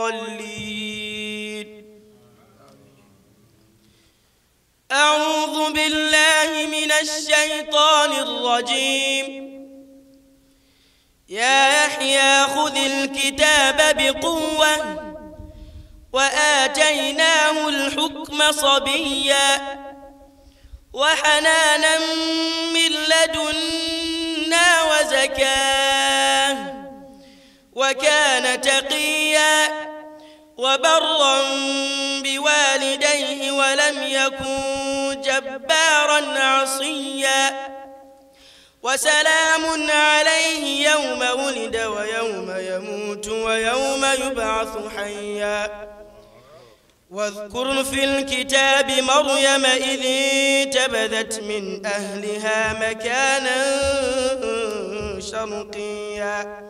الضالين أعوذ بالله من الشيطان الرجيم يا يحيى خذ الكتاب بقوة وآتيناه الحكم صبيا وحنانا من لدنا وزكاه وكان تقيا وبرا بوالديه ولم يكن جبارا عصيا وسلام عليه يوم ولد ويوم يموت ويوم يبعث حيا واذكر في الكتاب مريم إذ انتبذت من أهلها مكانا شرقيا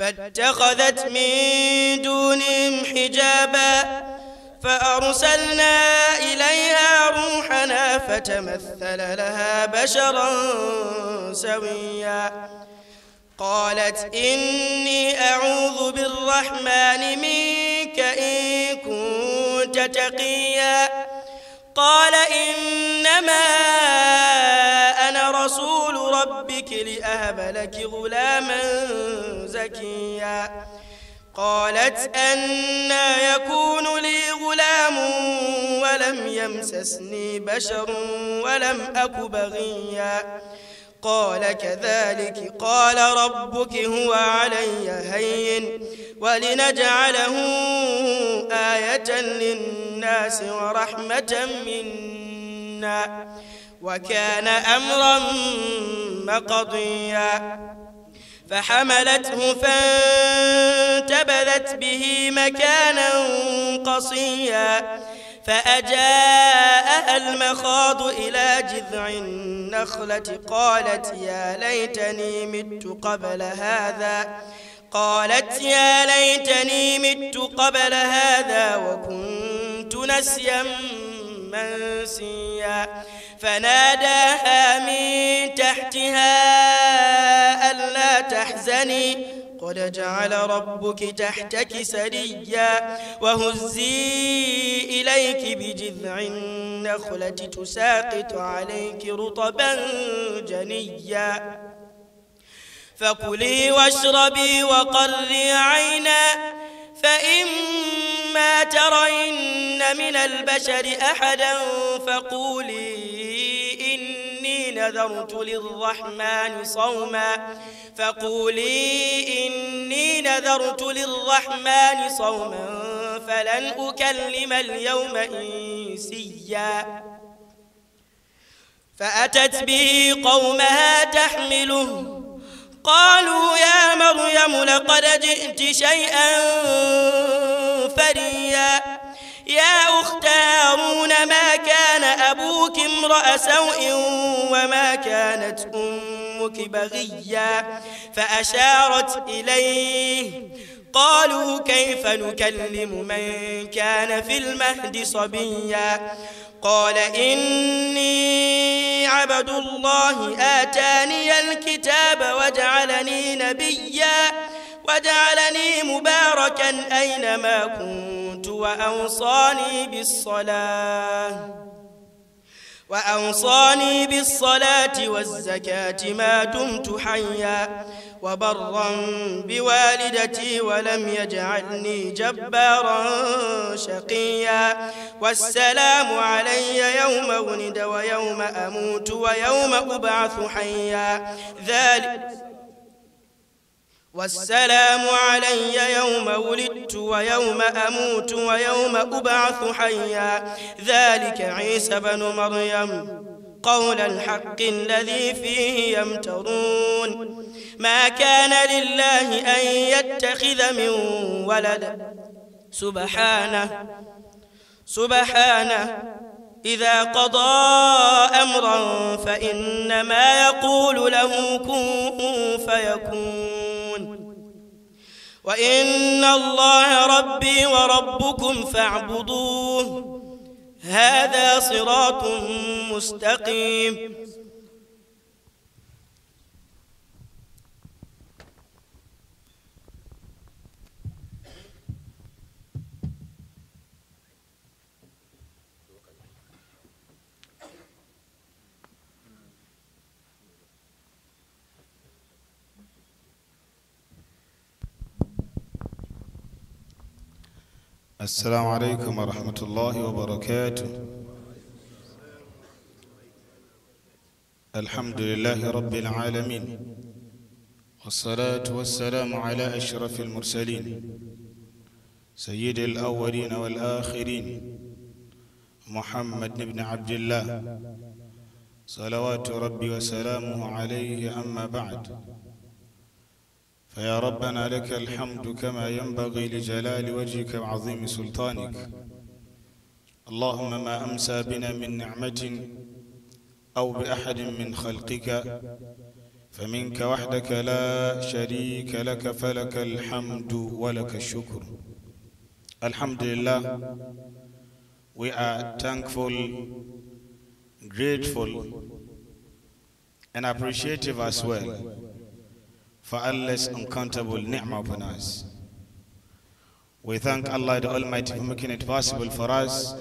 فاتخذت من دونهم حجابا فأرسلنا إليها روحنا فتمثل لها بشرا سويا قالت إني أعوذ بالرحمن منك إن كنت تقيا قال إنما بك لأهب لك غلاما زكيا قالت أنا يكون لي غلام ولم يمسسني بشر ولم أك بغيا قال كذلك قال ربك هو علي هين ولنجعله آية للناس ورحمة منا وكان أمرا مقضيا فحملته فانتبذت به مكانا قصيا فأجاءها المخاض إلى جذع النخلة قالت يا ليتني مت قبل هذا قالت يا ليتني مت قبل هذا وكنت نسيا منسيا فناداها من تحتها ألا تحزني قد جعل ربك تحتك سريا وهزي إليك بجذع النخلة تساقط عليك رطبا جنيا فكلي واشربي وقري عينا فإما ترين من البشر أحدا فقولي إني نذرت للرحمن صوما فقولي إني نذرت للرحمن صوما فلن أكلم اليوم إنسيا فأتت به قومها تحمله قالوا يا مريم لقد جئت شيئا فريا يا أخت هارون ما كان أبوك امرأ سوء وما كانت أمك بغيا فأشارت إليه قالوا كيف نكلم من كان في المهد صبيا قال إني عبد الله آتاني الكتاب وجعلني نبيا وجعلني مباركا أينما كنت وأوصاني بالصلاة وأوصاني بالصلاة والزكاة ما دمت حيا وبرا بوالدتي ولم يجعلني جبارا شقيا والسلام علي يوم ولد ويوم أموت ويوم أبعث حيا ذلك والسلام علي يوم ولدت ويوم أموت ويوم أبعث حيا ذلك عيسى بن مريم قول الحق الذي فيه يمترون ما كان لله أن يتخذ من ولد سبحانه سبحانه إذا قضى أمرا فإنما يقول له كن فيكون وإن الله ربي وربكم فاعبدوه هذا صراط مستقيم السلام عليكم ورحمة الله وبركاته الحمد لله رب العالمين والصلاة والسلام على أشرف المرسلين سيد الأولين والآخرين محمد بن عبد الله صلوات ربي وسلامه عليه أما بعد فيا ربنا لك الحمد كما ينبغي لجلال وجهك وعظيم سلطانك اللهم ما أمسى بنا من نعمة أو بأحد من خلقك فمنك وحدك لا شريك لك فلك الحمد ولك الشكر الحمد لله we are thankful grateful and appreciative as well for Allah's uncountable ni'mah upon us. We thank Allah the Almighty for making it possible for us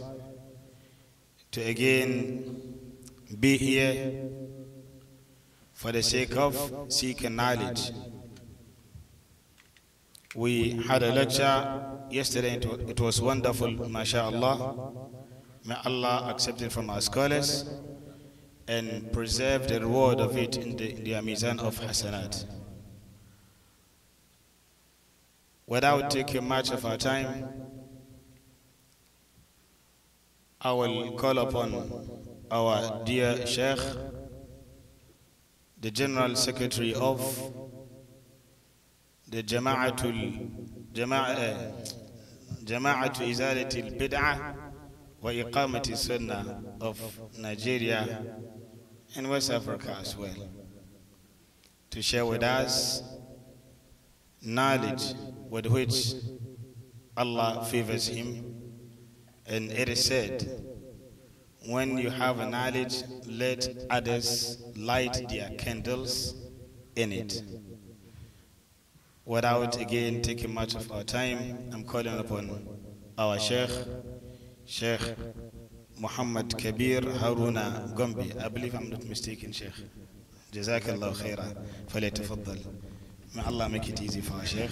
to again be here for the sake of seeking knowledge. We had a lecture yesterday, it was wonderful, mashallah. May Allah accept it from our scholars and preserve the reward of it in, the, in of hasanat. Without taking much of our time, I will call upon our dear Sheikh, the General Secretary of the Jama'atul Jama'atul Jama'atu eh, Izalatil Bid'ah wa Iqamati Sunnah of Nigeria and West Africa as well to share with us knowledge with which Allah favors him. And it is said, when you have a knowledge, let others light their candles in it. Without again taking much of our time, I'm calling upon our Sheikh, Sheikh Muhammad Kabir Haruna Gombe. I believe I'm not mistaken, Sheikh. Jazakallah khairah. May Allah make it easy for our Sheikh.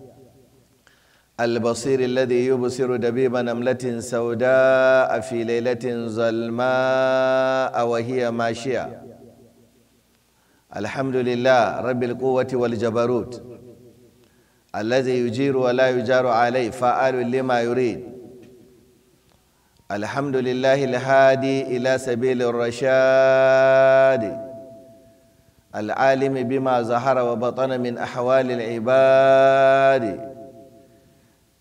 البصير الذي يبصر دبيب نملة سوداء في ليلة ظلماء وهي ماشية الحمد لله رب القوة والجبروت الذي يجير ولا يجار عليه فعال لما يريد الحمد لله الهادي إلى سبيل الرشاد العالم بما ظهر وبطن من أحوال العباد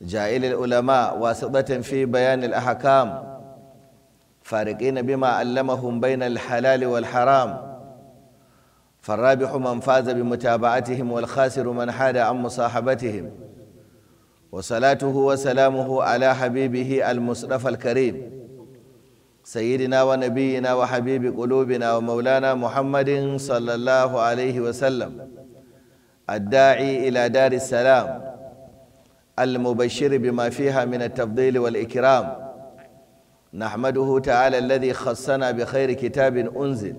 جائل العلماء واسطة في بيان الأحكام فارقين بما علمهم بين الحلال والحرام فالرابح من فاز بمتابعتهم والخاسر من حاد عن مصاحبتهم وصلاته وسلامه على حبيبه المصطفى الكريم سيدنا ونبينا وحبيب قلوبنا ومولانا محمد صلى الله عليه وسلم الداعي إلى دار السلام المبشر بما فيها من التفضيل والإكرام نحمده تعالى الذي خصنا بخير كتاب أنزل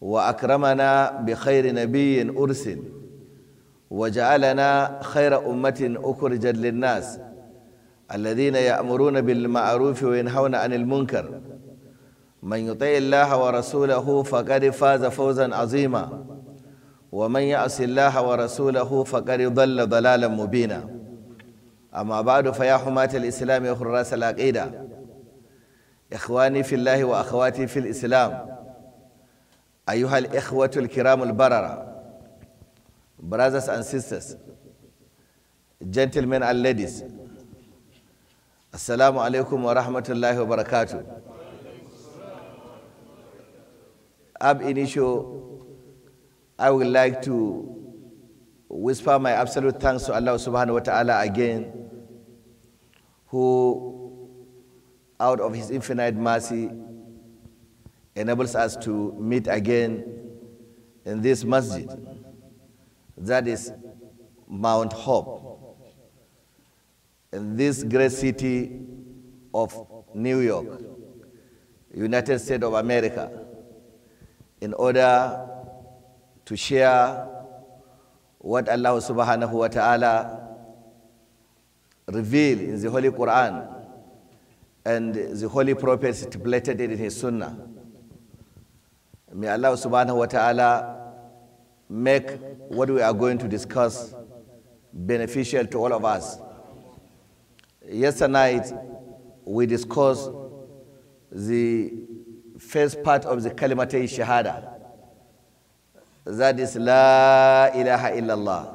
وأكرمنا بخير نبي أرسل وجعلنا خير أمة أخرجت للناس الذين يأمرون بالمعروف وينهون عن المنكر من يطع الله ورسوله فقد فاز فوزا عظيما ومن يعص الله ورسوله فقد ضل ضلالا مبينا amma ba da fa ya humata l'islam ya hurra salaƙai da ikhwani wa akhwati fi l'islam ayyuhal ikhwatul kiramul barara brothers and sisters gentlemen and ladies assalamu alaikum wa rahmatullahi wa barakatu ab inisho i would like to whisper my absolute thanks to Allah subhanahu wa ta'ala again, who, out of His infinite mercy, enables us to meet again in this masjid. That is Mount Hope. In this great city of New York, United States of America, in order to share what Allah subhanahu wa ta'ala revealed in the Holy Quran and the Holy Prophet stipulated it in his Sunnah. May Allah subhanahu wa ta'ala make what we are going to discuss beneficial to all of us. Yesterday night, we discussed the first part of the Kalimatay Shahada. That is La ilaha illallah,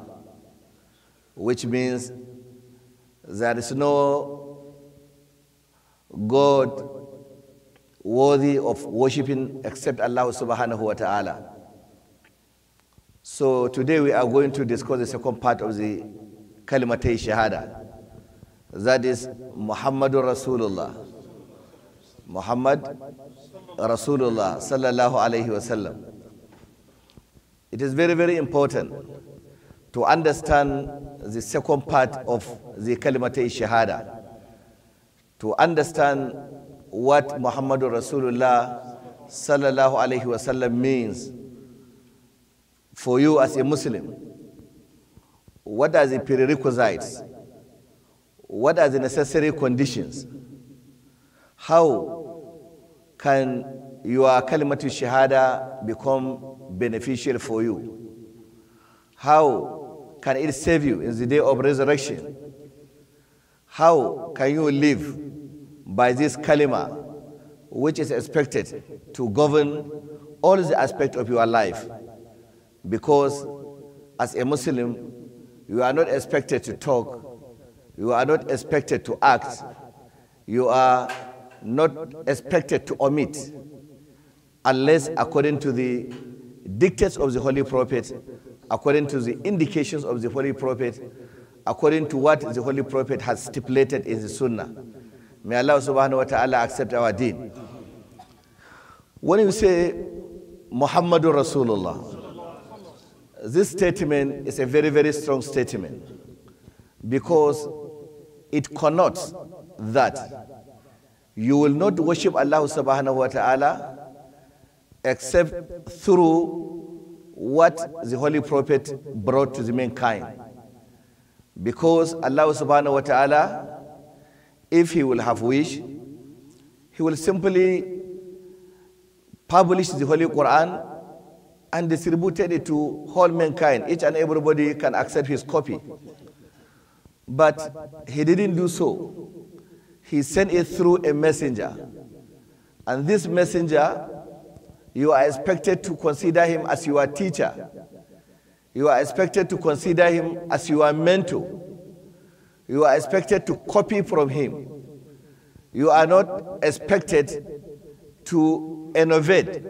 which means there is no God worthy of worshipping except Allah subhanahu wa ta'ala. So today we are going to discuss the second part of the Kalimatay Shahada. That is Muhammadur Rasulullah. Muhammad Rasulullah sallallahu alayhi wa sallam. It is very, very important to understand the second part of the Kalimat Shahada, to understand what Muhammadur Rasulullah sallallahu alaihi wasallam means for you as a Muslim. What are the prerequisites? What are the necessary conditions? How can your kalimatu shahada become beneficial for you? How can it save you in the day of resurrection? How can you live by this kalima which is expected to govern all the aspects of your life? Because as a Muslim, you are not expected to talk, you are not expected to act, you are not expected to omit unless according to the dictates of the Holy Prophet, according to the indications of the Holy Prophet, according to what the Holy Prophet has stipulated in the Sunnah. May Allah subhanahu wa ta'ala accept our deen. When you say Muhammadur Rasulullah, this statement is a very, very strong statement because it connotes that you will not worship Allah subhanahu wa ta'ala except through what the Holy Prophet brought to the mankind. Because Allah subhanahu wa ta'ala, if He will have wish, He will simply publish the Holy Quran and distributed it to whole mankind. Each and everybody can accept his copy. But he didn't do so. He sent it through a messenger. And this messenger you are expected to consider him as your teacher. You are expected to consider him as your mentor. You are expected to copy from him. You are not expected to innovate.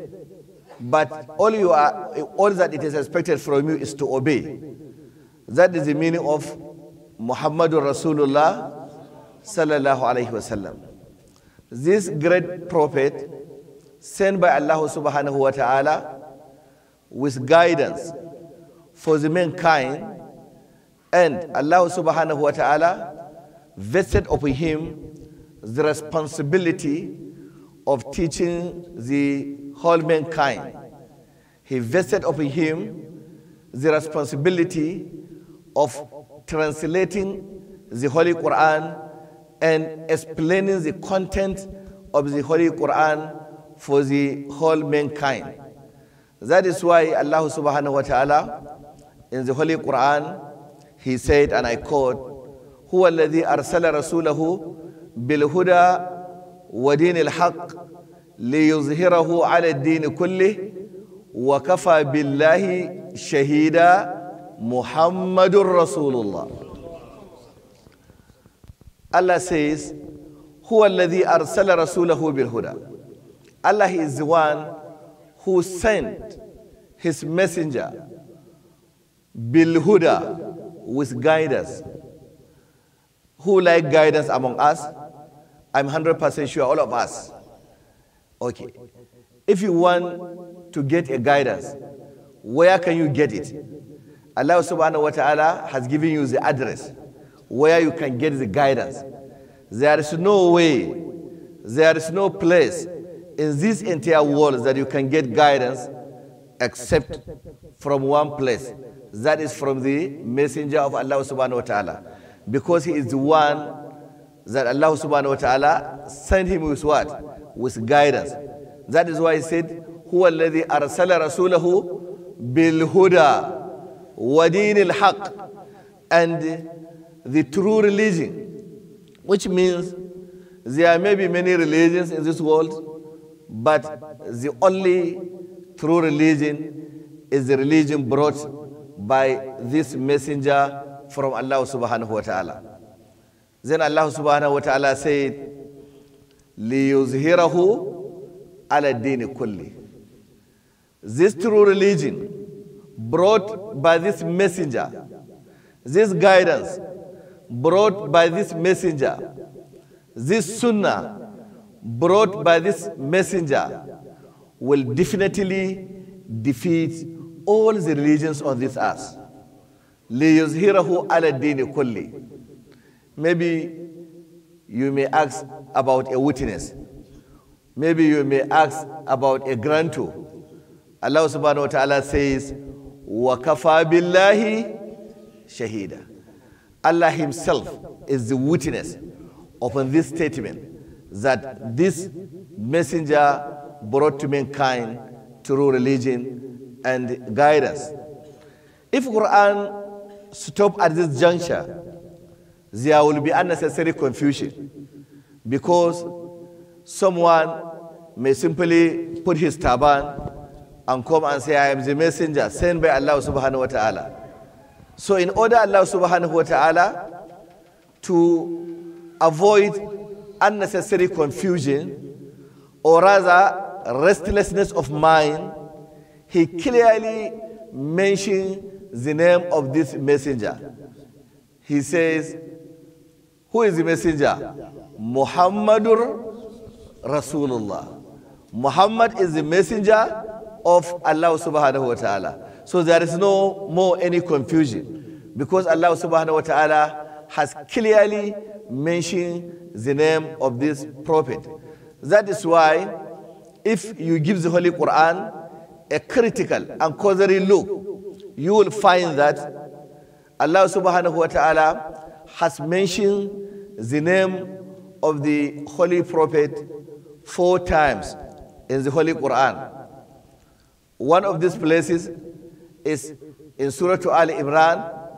But all, you are, all that it is expected from you is to obey. That is the meaning of Muhammadur Rasulullah sallallahu alaihi wasallam. This great prophet sent by Allah subhanahu wa ta'ala with guidance for the mankind. And Allah subhanahu wa ta'ala vested upon him the responsibility of teaching the whole mankind. He vested upon him the responsibility of translating the Holy Quran and explaining the content of the Holy Quran for the whole mankind. That is why Allah subhanahu wa ta'ala in the Holy Quran, He said, and I quote, هو الذي أرسل رسوله بالهدى ودين الحق ليظهره على الدين كله وكفى بالله شهيدا محمد رسول الله Allah says هو الذي أرسل رسوله بالهدى Allah is the one who sent his messenger, Bilhuda, with guidance. Who like guidance among us? I'm 100% sure, all of us. Okay. If you want to get a guidance, where can you get it? Allah subhanahu wa ta'ala has given you the address where you can get the guidance. There is no way, there is no place in this entire world that you can get guidance except from one place. That is from the messenger of Allah subhanahu wa ta'ala. Because he is the one that Allah subhanahu wa ta'ala sent him with what? With guidance. That is why he said, هو الذي أرسل رسوله wa ودين الحق and the true religion which means there may be many religions in this world but the only true religion is the religion brought by this messenger from Allah subhanahu wa ta'ala. Then Allah subhanahu wa ta'ala said, لِيُزْهِرَهُ عَلَى الدِّينِ كُلِّ This true religion brought by this messenger, this guidance brought by this messenger, this sunnah brought by this messenger will definitely defeat all the religions on this earth. لِيُزْهِرَهُ عَلَى الدِّينِ كُلِّ Maybe you may ask about a witness. Maybe you may ask about a grantor. Allah subhanahu wa ta'ala says, وَكَفَى بِاللَّهِ شَهِيدًا Allah himself is the witness of this statement that this messenger brought to mankind through religion and guide us. If Quran stop at this juncture, there will be unnecessary confusion because someone may simply put his turban and come and say, I am the messenger sent by Allah subhanahu wa ta'ala. So in order Allah subhanahu wa ta'ala to avoid unnecessary confusion or rather restlessness of mind, he clearly mentioned the name of this messenger. He says, Who is the messenger? Muhammadur Rasulullah. Muhammad is the messenger of Allah subhanahu wa ta'ala. So there is no more any confusion because Allah subhanahu wa ta'ala has clearly mention the name of this prophet. That is why if you give the Holy Quran a critical and cursory look, you will find that Allah subhanahu wa ta'ala has mentioned the name of the Holy Prophet four times in the Holy Quran. One of these places is in Surah Al Imran,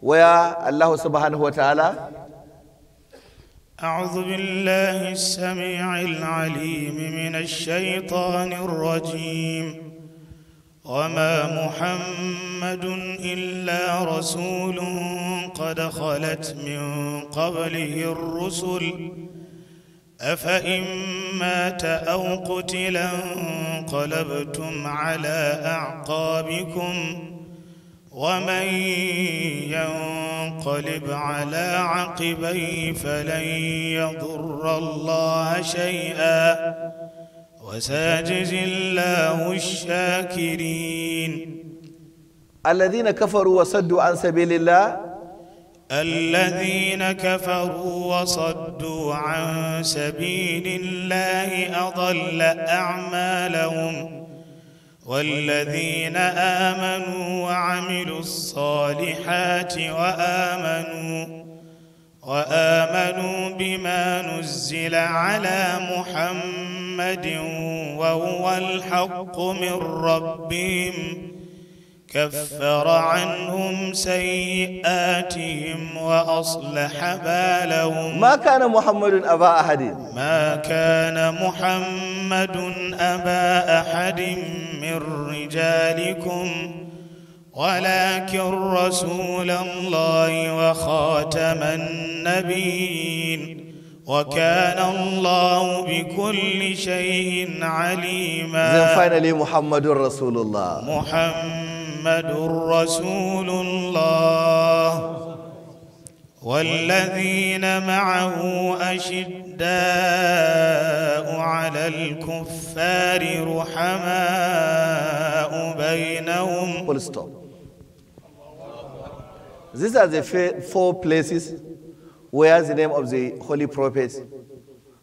where Allah subhanahu wa ta'ala أعوذ بالله السميع العليم من الشيطان الرجيم وما محمد إلا رسول قد خلت من قبله الرسل أفإن مات أو قتلا انقلبتم على أعقابكم ۖ ومن ينقلب على عقبيه فلن يضر الله شيئا وسيجزي الله الشاكرين الذين كفروا وصدوا عن سبيل الله الذين كفروا وصدوا عن سبيل الله أضل أعمالهم والذين آمنوا وعملوا الصالحات وآمنوا وآمنوا بما نزل على محمد وهو الحق من ربهم كفر عنهم سيئاتهم وأصلح بالهم ما كان محمد أبا أحد ما كان محمد أبا أحد من رجالكم ولكن رسول الله وخاتم النبيين وكان الله بكل شيء عليما Then محمد رسول الله محمد محمد رسول الله والذين معه أشداء على الكفار رحماء بينهم well, stop. These are the four places where the name of the holy prophets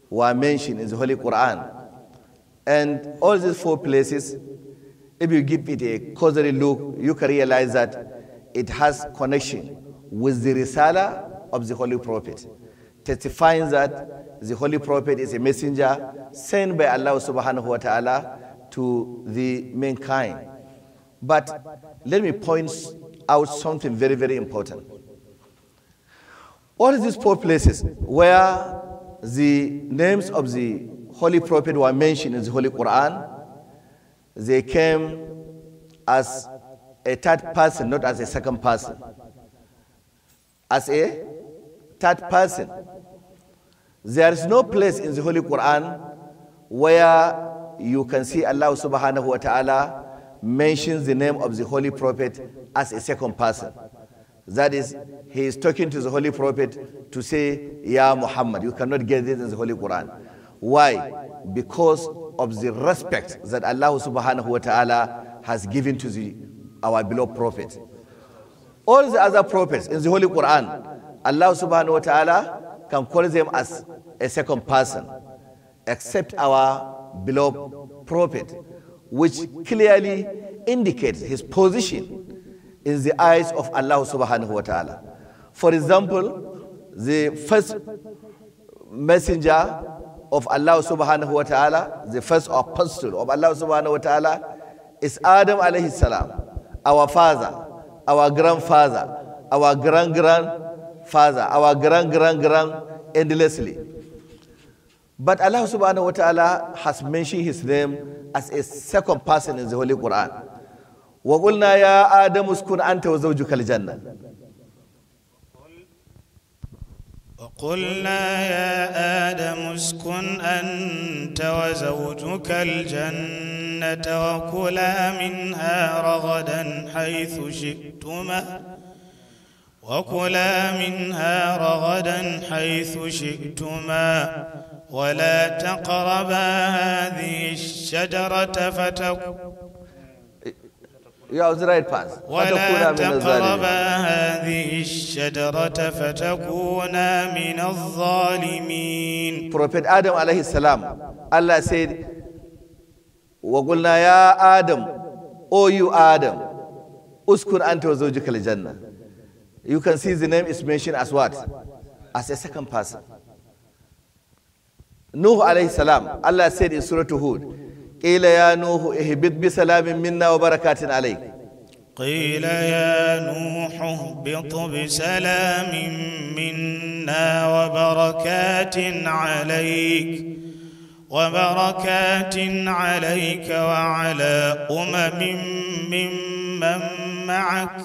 were mentioned in the Holy Quran. And all these four places If you give it a casual look, you can realize that it has connection with the Risala of the Holy Prophet, testifying that the Holy Prophet is a messenger sent by Allah subhanahu wa ta'ala to the mankind. But let me point out something very, very important. All these four places where the names of the Holy Prophet were mentioned in the Holy Quran, they came as a third person, not as a second person. As a third person. There is no place in the Holy Quran where you can see Allah subhanahu wa ta'ala mentions the name of the Holy Prophet as a second person. That is, he is talking to the Holy Prophet to say, Ya Muhammad. You cannot get this in the Holy Quran. Why? Because of the respect that Allah subhanahu wa ta'ala has given to the, our beloved Prophet. All the other prophets in the Holy Quran, Allah subhanahu wa ta'ala can call them as a second person, except our beloved Prophet, which clearly indicates his position in the eyes of Allah subhanahu wa ta'ala. For example, the first messenger of Allah subhanahu wa ta'ala, the first apostle of Allah subhanahu wa ta'ala, is Adam alayhi salam, our father, our grandfather, our grand grandfather, our grand grand grand endlessly. But Allah subhanahu wa ta'ala has mentioned his name as a second person in the Holy Quran. وَقُلْنَا يَا آدَمُ اسْكُنْ أَنْتَ وَزَوْجُكَ الْجَنَّةِ وقلنا يا آدم اسكن أنت وزوجك الجنة وكلا منها رغدا حيث شئتما وكلا منها رغدا حيث شئتما ولا تقربا هذه الشجرة فتكونا يعذر الفاس ولا تقرب هذه الشجرة فتكون من الظالمين Prophet آدم عليه السلام الله said وقلنا يا آدم أو يو آدم أسكن أنت وزوجك الجنة You can see the name is mentioned as what? As a second person Nuh عليه السلام Allah said in Surah Hud قيل يا نوح اهبط بسلام منا وبركات عليك قيل يا نوح اهبط بسلام منا وبركات عليك وبركات عليك وعلى أمم ممن معك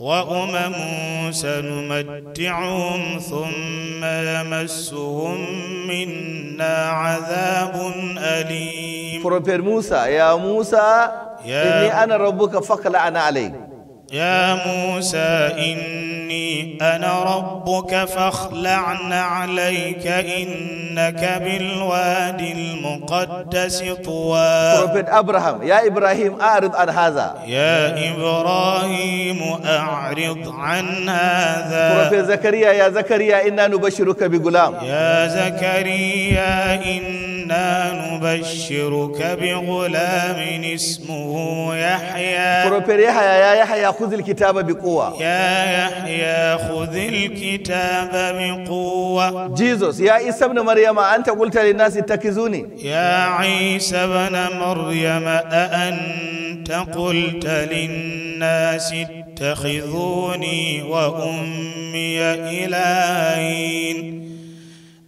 وأمم سنمتعهم ثم يمسهم منا عذاب أليم فرمو موسى يا موسى إني أنا ربك فقل أنا عليك يا موسى إني أنا ربك فاخلع عليك إنك بالوادي المقدس طوى Prophet Abraham يا إبراهيم أعرض عن هذا يا إبراهيم أعرض عن هذا Prophet زكريا يا زكريا إنا نبشرك بغلام يا زكريا إنا نبشرك بغلام اسمه يحيى Prophet يحيى يا يحيى خذ الكتاب بقوة يا يحيى خذ الكتاب بقوة جيسوس يا عيسى ابن مريم أنت قلت للناس اتخذوني يا عيسى ابن مريم أأنت قلت للناس اتخذوني وأمي إلهين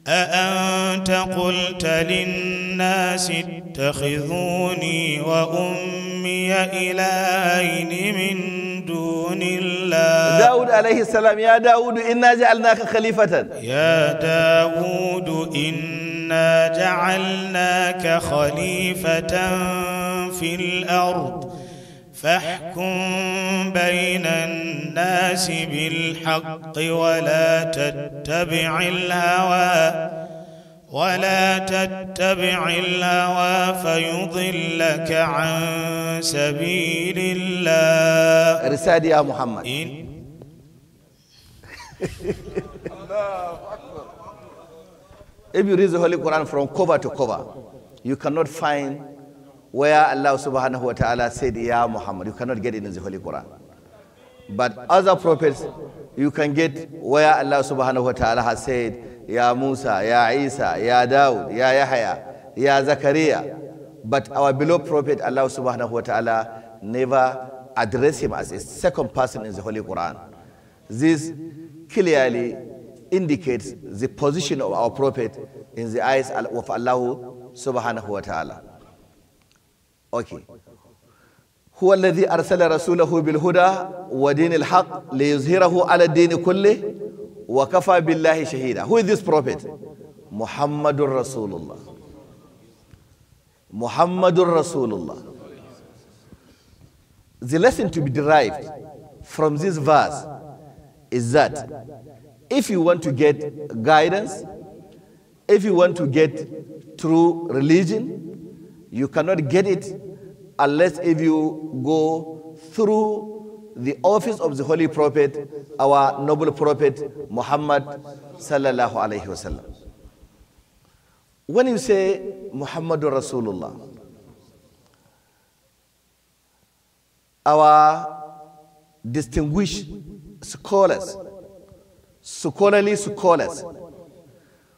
أأنت قلت للناس اتخذوني وأمي إلهين من دون الله داود عليه السلام يا داود إنا جعلناك خليفة يا داود إنا جعلناك خليفة في الأرض فاحكم بين الناس بالحق ولا تتبع الهوى ولا تتبع الهوى فيضلك عن سبيل الله رسالة يا محمد إن If you read the Holy Quran from cover to cover, you cannot find where Allah subhanahu wa ta'ala said, Ya Muhammad. You cannot get it in the Holy Quran. But other prophets, you can get where Allah subhanahu wa ta'ala has said, يا موسى يا عيسى يا داود يا يحيى يا زكريا But our beloved Prophet Allah subhanahu wa ta'ala never address him as a second person in the Holy Quran. This clearly indicates the position of our Prophet in the eyes of Allah subhanahu wa ta'ala. Okay. هو الذي أرسل رسوله بالهدى ودين الحق ليظهره على الدين كله وَكَفَى بِاللَّهِ shahida. Who is this prophet? Muhammadur Rasulullah. Muhammadur Rasulullah. The lesson to be derived from this verse is that if you want to get guidance, if you want to get true religion, you cannot get it unless if you go through the office of the Holy Prophet, our noble Prophet Muhammad sallallahu alaihi wasallam. When you say Muhammad Rasulullah, our distinguished scholars, scholarly scholars,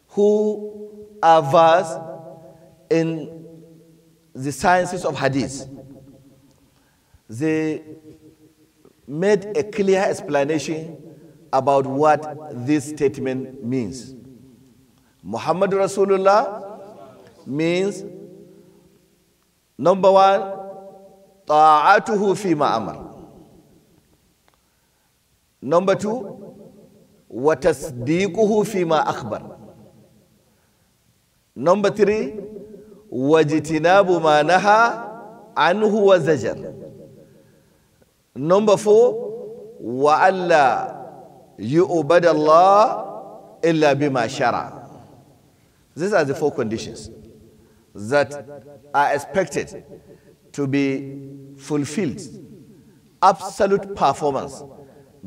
who are versed in the sciences of hadith, the made a clear explanation about what this statement means. Muhammad Rasulullah means number one, ta'atuhu fi ma'amar. Number two, wa fi ma akbar. Number three, wajitinabu ma naha anhu wa zajar. Number four, وَأَلَّا يُؤْبَدَ اللَّهِ إِلَّا بِمَا شَرَعَ These are the four conditions that are expected to be fulfilled. Absolute performance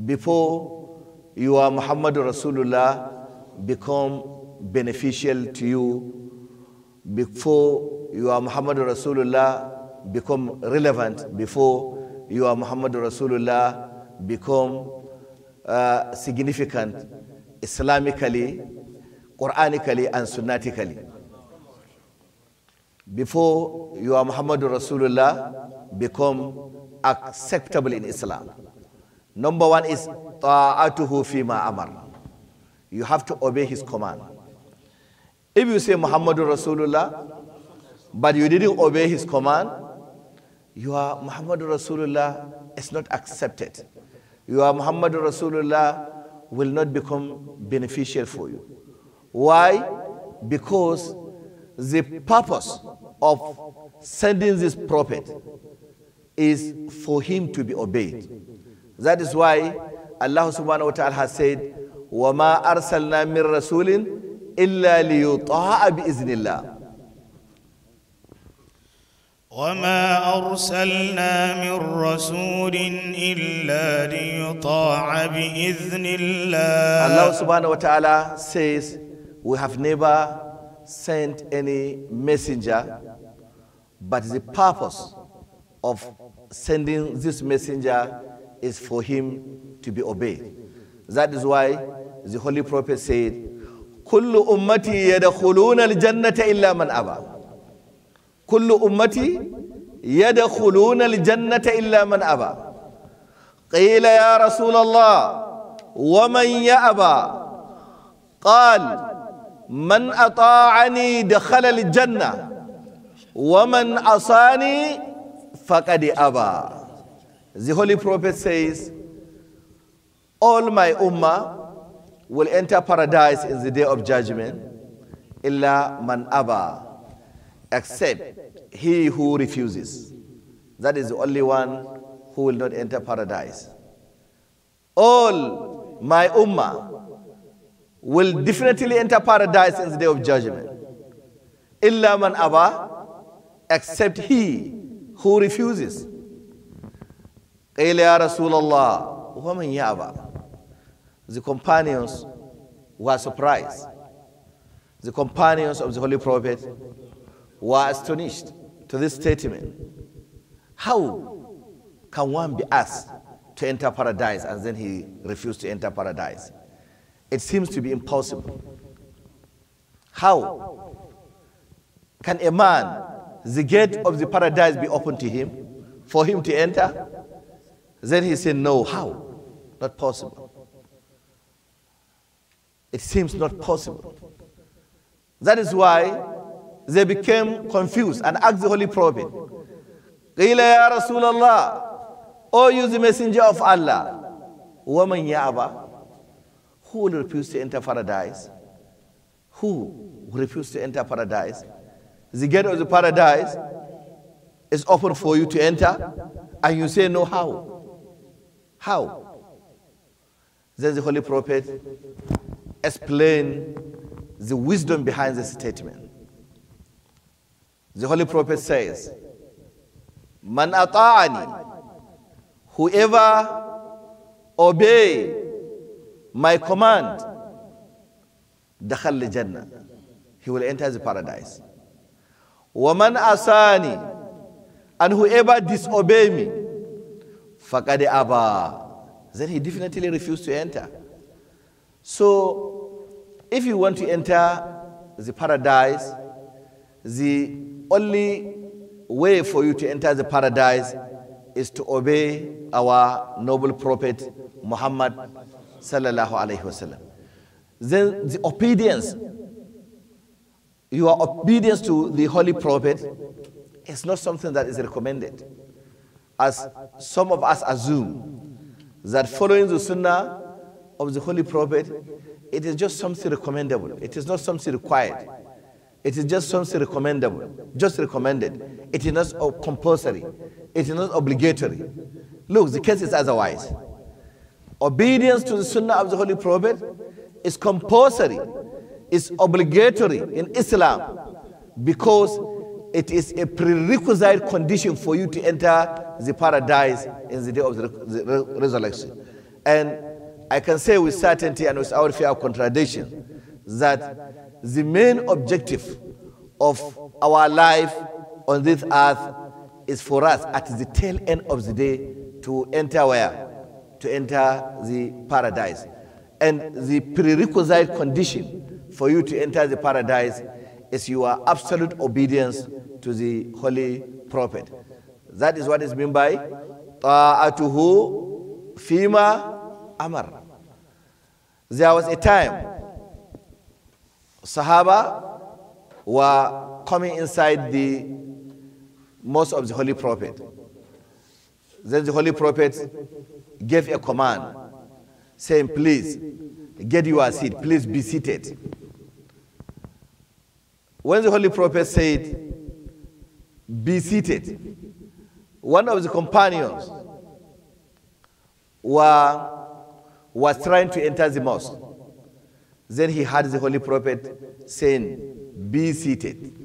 before you are Muhammad Rasulullah become beneficial to you, before you are Muhammad Rasulullah become relevant, before you are Muhammad Rasulullah, become uh, significant Islamically, Quranically, and Sunnatically. Before you are Muhammad Rasulullah, become acceptable in Islam. Number one is ta'atuhu fima amar. You have to obey his command. If you say Muhammad Rasulullah, but you didn't obey his command, your Muhammad Rasulullah is not accepted. Your Muhammad Rasulullah will not become beneficial for you. Why? Because the purpose of sending this prophet is for him to be obeyed. That is why Allah subhanahu wa ta'ala has said, وَمَا أَرْسَلْنَا مِن رَسُولٍ إِلَّا لِيُطَاعَ بِإِذْنِ اللَّهِ وما ارسلنا من رسول الا ليطاع باذن الله Allah subhanahu wa ta'ala says we have never sent any messenger but the purpose of sending this messenger is for him to be obeyed that is why the holy prophet said كل امتي يدخلون الجنه الا من ابى كل أمتي يدخلون الجنة إلا من أبى قيل يا رسول الله ومن يأبى قال من أطاعني دخل الجنة ومن عصاني فقد أبى The Holy Prophet says, All my ummah will enter paradise in the day of judgment, إلا من أبى except he who refuses. That is the only one who will not enter paradise. All my ummah will definitely enter paradise in the day of judgment. Illa man aba, except he who refuses. قيل يا الله ومن The companions were surprised. The companions of the Holy Prophet were astonished to this statement. How can one be asked to enter paradise and then he refused to enter paradise? It seems to be impossible. How can a man, the gate of the paradise be open to him for him to enter? Then he said, No, how? Not possible. It seems not possible. That is why they became confused and asked the Holy Prophet, قِيلَ يَا O you the messenger of Allah, وَمَنْ يَعْبَى Who will refuse to enter paradise? Who will refuse to enter paradise? The gate of the paradise is open for you to enter, and you say, no, how? How? Then the Holy Prophet explained the wisdom behind the statement. The Holy Prophet says, Man ata'ani, whoever obey my command, dakhal jannah. He will enter the paradise. Waman asani, and whoever disobey me, fakade aba. Then he definitely refused to enter. So, if you want to enter the paradise, the only way for you to enter the paradise is to obey our noble prophet Muhammad sallallahu alaihi wasallam. Then the obedience, your obedience to the holy prophet is not something that is recommended. As some of us assume that following the sunnah of the holy prophet, it is just something recommendable. It is not something required. It is just something recommendable, just recommended. It is not compulsory. It is not obligatory. Look, the case is otherwise. Obedience to the Sunnah of the Holy Prophet is compulsory, is obligatory in Islam because it is a prerequisite condition for you to enter the paradise in the day of the, the resurrection. And I can say with certainty and without fear of contradiction that the main objective of our life on this earth is for us at the tail end of the day to enter where? To enter the paradise. And the prerequisite condition for you to enter the paradise is your absolute obedience to the Holy Prophet. That is what is meant by ta'atuhu fima amar. There was a time Sahaba were coming inside the mosque of the Holy Prophet. Then the Holy Prophet gave a command saying, Please get your seat, please be seated. When the Holy Prophet said, Be seated, one of the companions was was trying to enter the mosque. Then he heard the Holy Prophet saying, Be seated.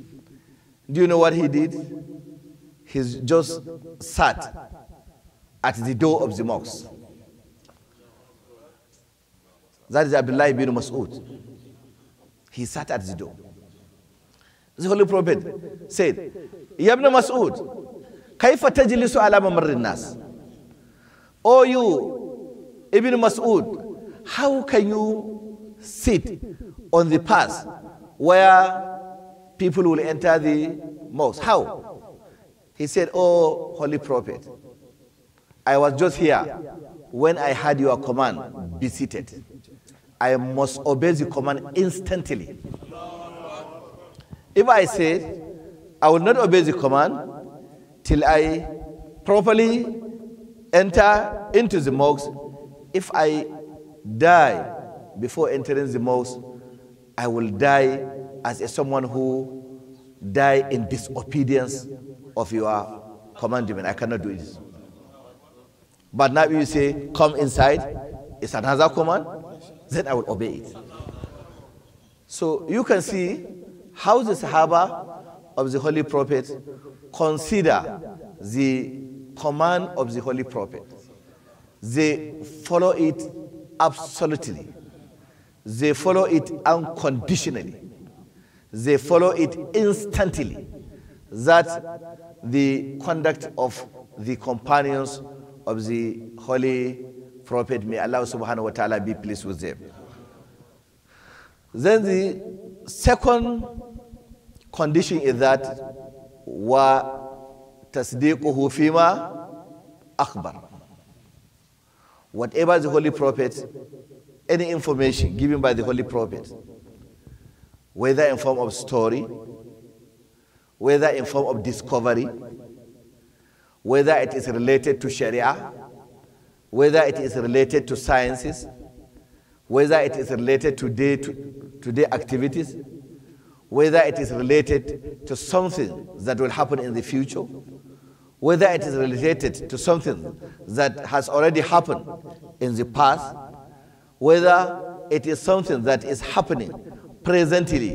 Do you know what he did? He just sat at the door of the mosque. That is Abdullah ibn Mas'ud. He sat at the door. The Holy Prophet said, Ibn Mas'ud, كيف تجلس على ممر الناس? Oh you, Ibn Mas'ud, how can you sit on the path where people will enter the mosque. How? He said, Oh, holy prophet, I was just here when I heard your command, be seated. I must obey the command instantly. If I say, I will not obey the command till I properly enter into the mosque, if I die before entering the mosque, I will die as a, someone who die in disobedience of your commandment. I cannot do this. But now you say, come inside, it's another command, then I will obey it. So you can see how the Sahaba of the Holy Prophet consider the command of the Holy Prophet. They follow it absolutely. They follow it unconditionally. They follow it instantly. That the conduct of the companions of the Holy Prophet, may Allah subhanahu wa ta'ala be pleased with them. Then the second condition is that wa tasdiquhu fima akbar. Whatever the Holy Prophet any information given by the Holy Prophet, whether in form of story, whether in form of discovery, whether it is related to Sharia, whether it is related to sciences, whether it is related to day to, day activities, whether it is related to something that will happen in the future, whether it is related to something that has already happened in the past, whether it is something that is happening presently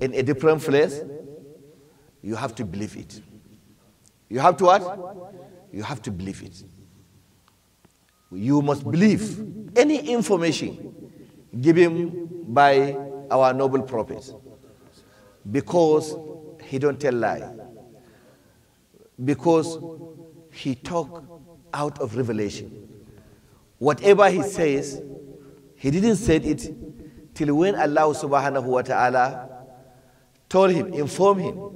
in a different place, you have to believe it. You have to what? You have to believe it. You must believe any information given by our noble prophet because he don't tell lie because he talk out of revelation whatever he says he didn't say it till when Allah subhanahu wa ta'ala told him, informed him.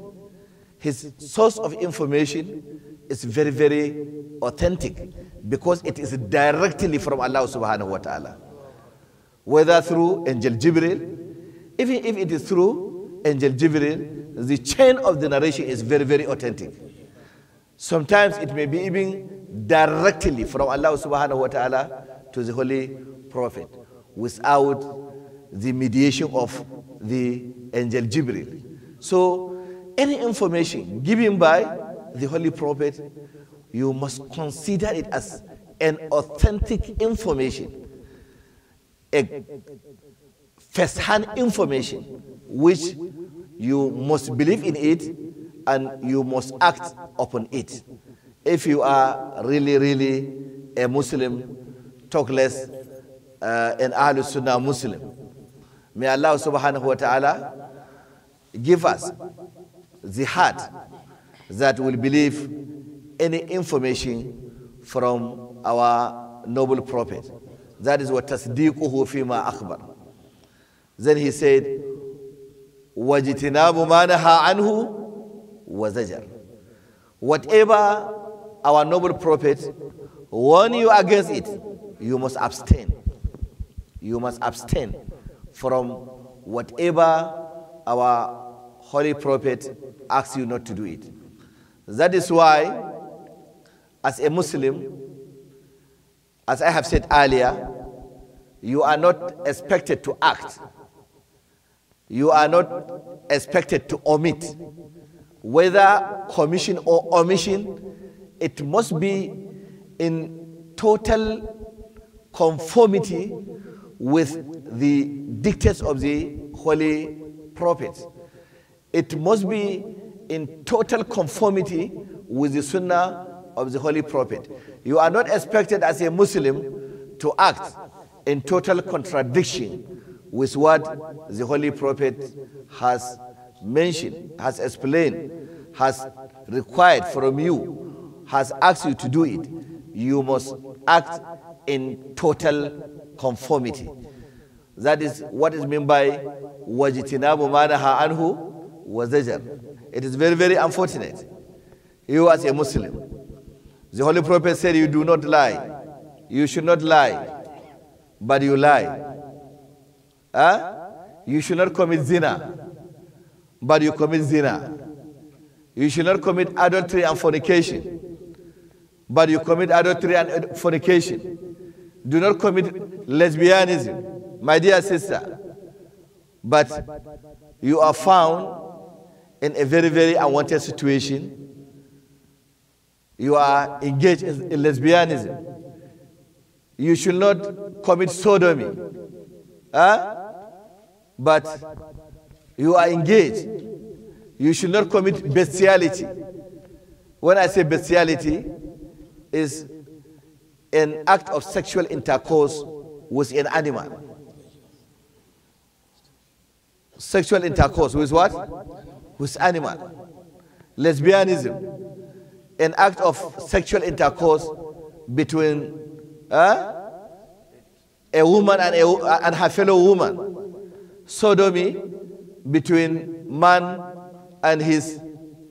His source of information is very, very authentic because it is directly from Allah subhanahu wa ta'ala. Whether through Angel Jibril, even if it is through Angel Jibril, the chain of the narration is very, very authentic. Sometimes it may be even directly from Allah subhanahu wa ta'ala to the Holy Prophet without the mediation of the angel Jibril. So any information given by the Holy Prophet, you must consider it as an authentic information, a first-hand information, which you must believe in it and you must act upon it. If you are really, really a Muslim, talk less uh, in Ahlul Sunnah Muslim. May Allah subhanahu wa ta'ala give us the heart that will believe any information from our noble prophet. That is what tasdiquhu fima akbar. Then he said, وَجِتِنَابُ مَا Anhu عَنْهُ وَزَجَرُ Whatever our noble prophet warn you against it, you must abstain you must abstain from whatever our holy prophet asks you not to do it. That is why, as a Muslim, as I have said earlier, you are not expected to act. You are not expected to omit. Whether commission or omission, it must be in total conformity with the dictates of the holy prophets. It must be in total conformity with the sunnah of the holy prophet. You are not expected as a Muslim to act in total contradiction with what the holy prophet has mentioned, has explained, has required from you, has asked you to do it. You must act in total conformity. That is what is meant by wajitinabu manaha anhu wazajar. It is very, very unfortunate. You as a Muslim, the Holy Prophet said you do not lie. You should not lie, but you lie. Huh? You should not commit zina, but you commit zina. You should not commit adultery and fornication, but you commit adultery and fornication do not commit lesbianism, my dear sister. But you are found in a very, very unwanted situation. You are engaged in lesbianism. You should not commit sodomy. Huh? But you are engaged. You should not commit bestiality. When I say bestiality, is an act of sexual intercourse with an animal. Sexual intercourse with what? With animal. Lesbianism, an act of sexual intercourse between uh, a woman and, a, and her fellow woman. Sodomy, between man and his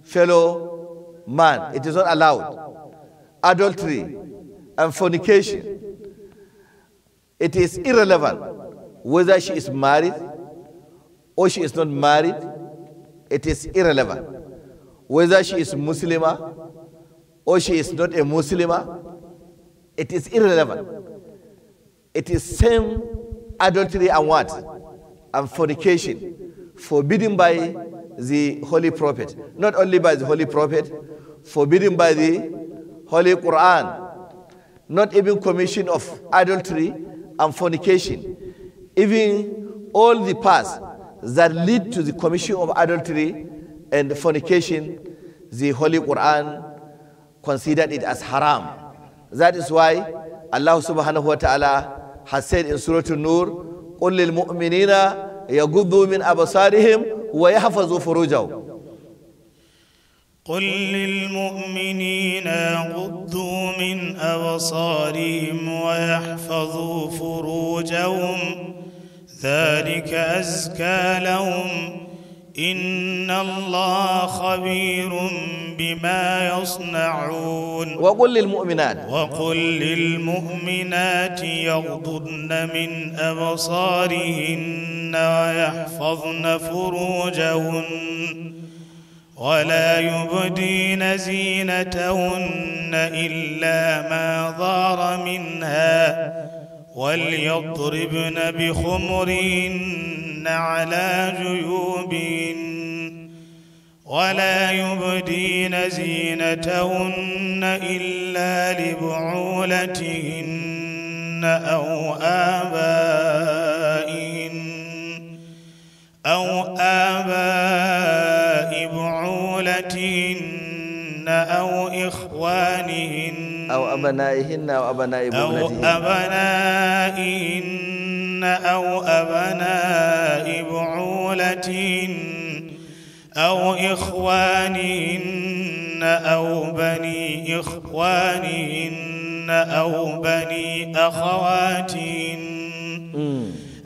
fellow man. It is not allowed. Adultery, and fornication. It is irrelevant whether she is married or she is not married. It is irrelevant whether she is Muslima or she is not a Muslima. It is irrelevant. It is same adultery and what? And fornication forbidden by the Holy Prophet. Not only by the Holy Prophet, forbidden by the Holy Quran not even commission of adultery and fornication, even all the paths that lead to the commission of adultery and fornication, the Holy Quran considered it as haram. That is why Allah subhanahu wa ta'ala has said in Surah An-Nur, قُلْ لِلْمُؤْمِنِينَ يَغُضُّوا مِنْ أَبْصَارِهِمْ وَيَحْفَظُوا فُرُوجَهُمْ قل للمؤمنين يغضوا من أبصارهم ويحفظوا فروجهم ذلك أزكى لهم إن الله خبير بما يصنعون وقل للمؤمنات وقل للمؤمنات يغضن من أبصارهن ويحفظن فروجهن ولا يبدين زينتهن إلا ما ظهر منها وليضربن بخمرهن على جيوبهن ولا يبدين زينتهن إلا لبعولتهن أو آبائهن أو آبائهن بعولتهن أو إخوانهن أو أبنائهن أو أبناء أو أبنائهن أو أبناء بعولتهن أو إخوانهن أو بني إخوانهن أو بني أخواتهن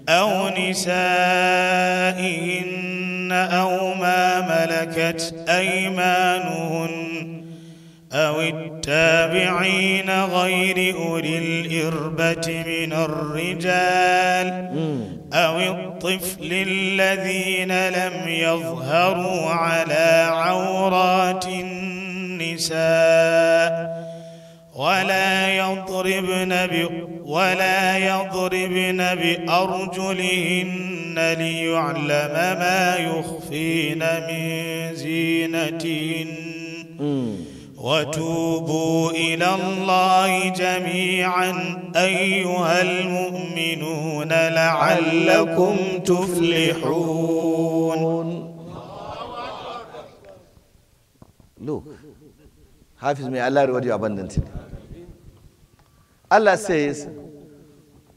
أو نسائهن أو ما ملكت أيمانهن أو التابعين غير أولي الإربة من الرجال أو الطفل الذين لم يظهروا على عورات النساء ولا يضربن ولا يضربن بأرجلهن ليعلم ما يخفين من زينتهن وتوبوا إلى الله جميعا أيها المؤمنون لعلكم تفلحون Look, Hafiz, may Allah reward you Allah says,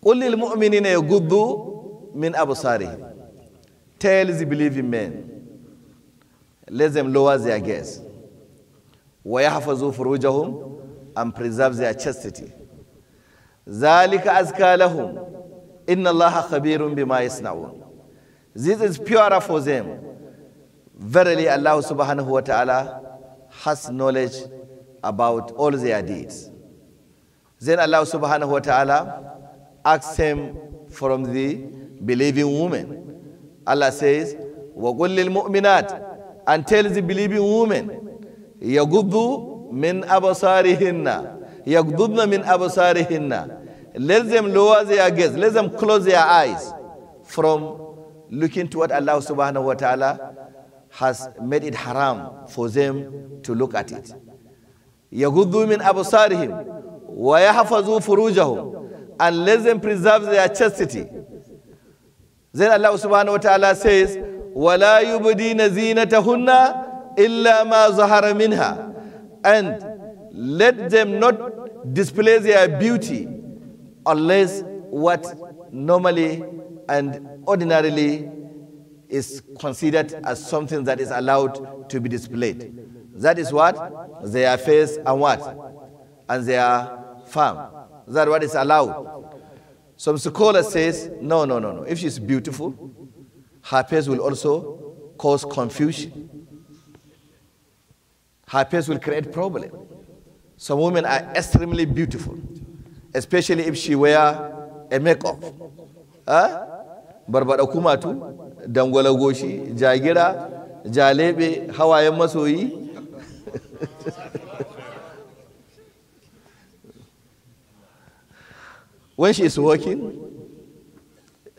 Ulil good yaguddu min abusarihim. Tell the believing men, let them lower their gaze. وَيَحْفَظُوا فُرُوجَهُمْ and preserve their chastity. ذَلِكَ أَزْكَى لَهُمْ إِنَّ اللَّهَ خَبِيرٌ بِمَا يَصْنَعُونَ This is purer for them. Verily Allah subhanahu wa ta'ala has knowledge about all their deeds. Then Allah subhanahu wa ta'ala asks him from the believing woman. Allah says, وَقُلِّ muminat And tell the believing woman, يَقُضُّ مِنْ أَبَصَارِهِنَّ min مِنْ أَبَصَارِهِنَّ Let them lower their gaze, let them close their eyes from looking to what Allah subhanahu wa ta'ala has made it haram for them to look at it. يَقُضُّ مِنْ أَبَصَارِهِمْ وَيَحْفَظُوا فُرُوجَهُمْ And let them preserve their chastity. Then Allah subhanahu wa ta'ala says, وَلَا يُبْدِينَ زِينَتَهُنَّ إِلَّا مَا زَهَرَ مِنْهَا And let them not display their beauty unless what normally and ordinarily is considered as something that is allowed to be displayed. That is what? Their face and what? And their Farm. Is that what is allowed? Some scholar says, no, no, no, no. If she's beautiful, her face will also cause confusion. Her face will create problem. Some women are extremely beautiful, especially if she wear a makeup. Huh? Barbada kumatu, Dangola goshi, jagira, jalebe, hawaye masoyi. when she is walking,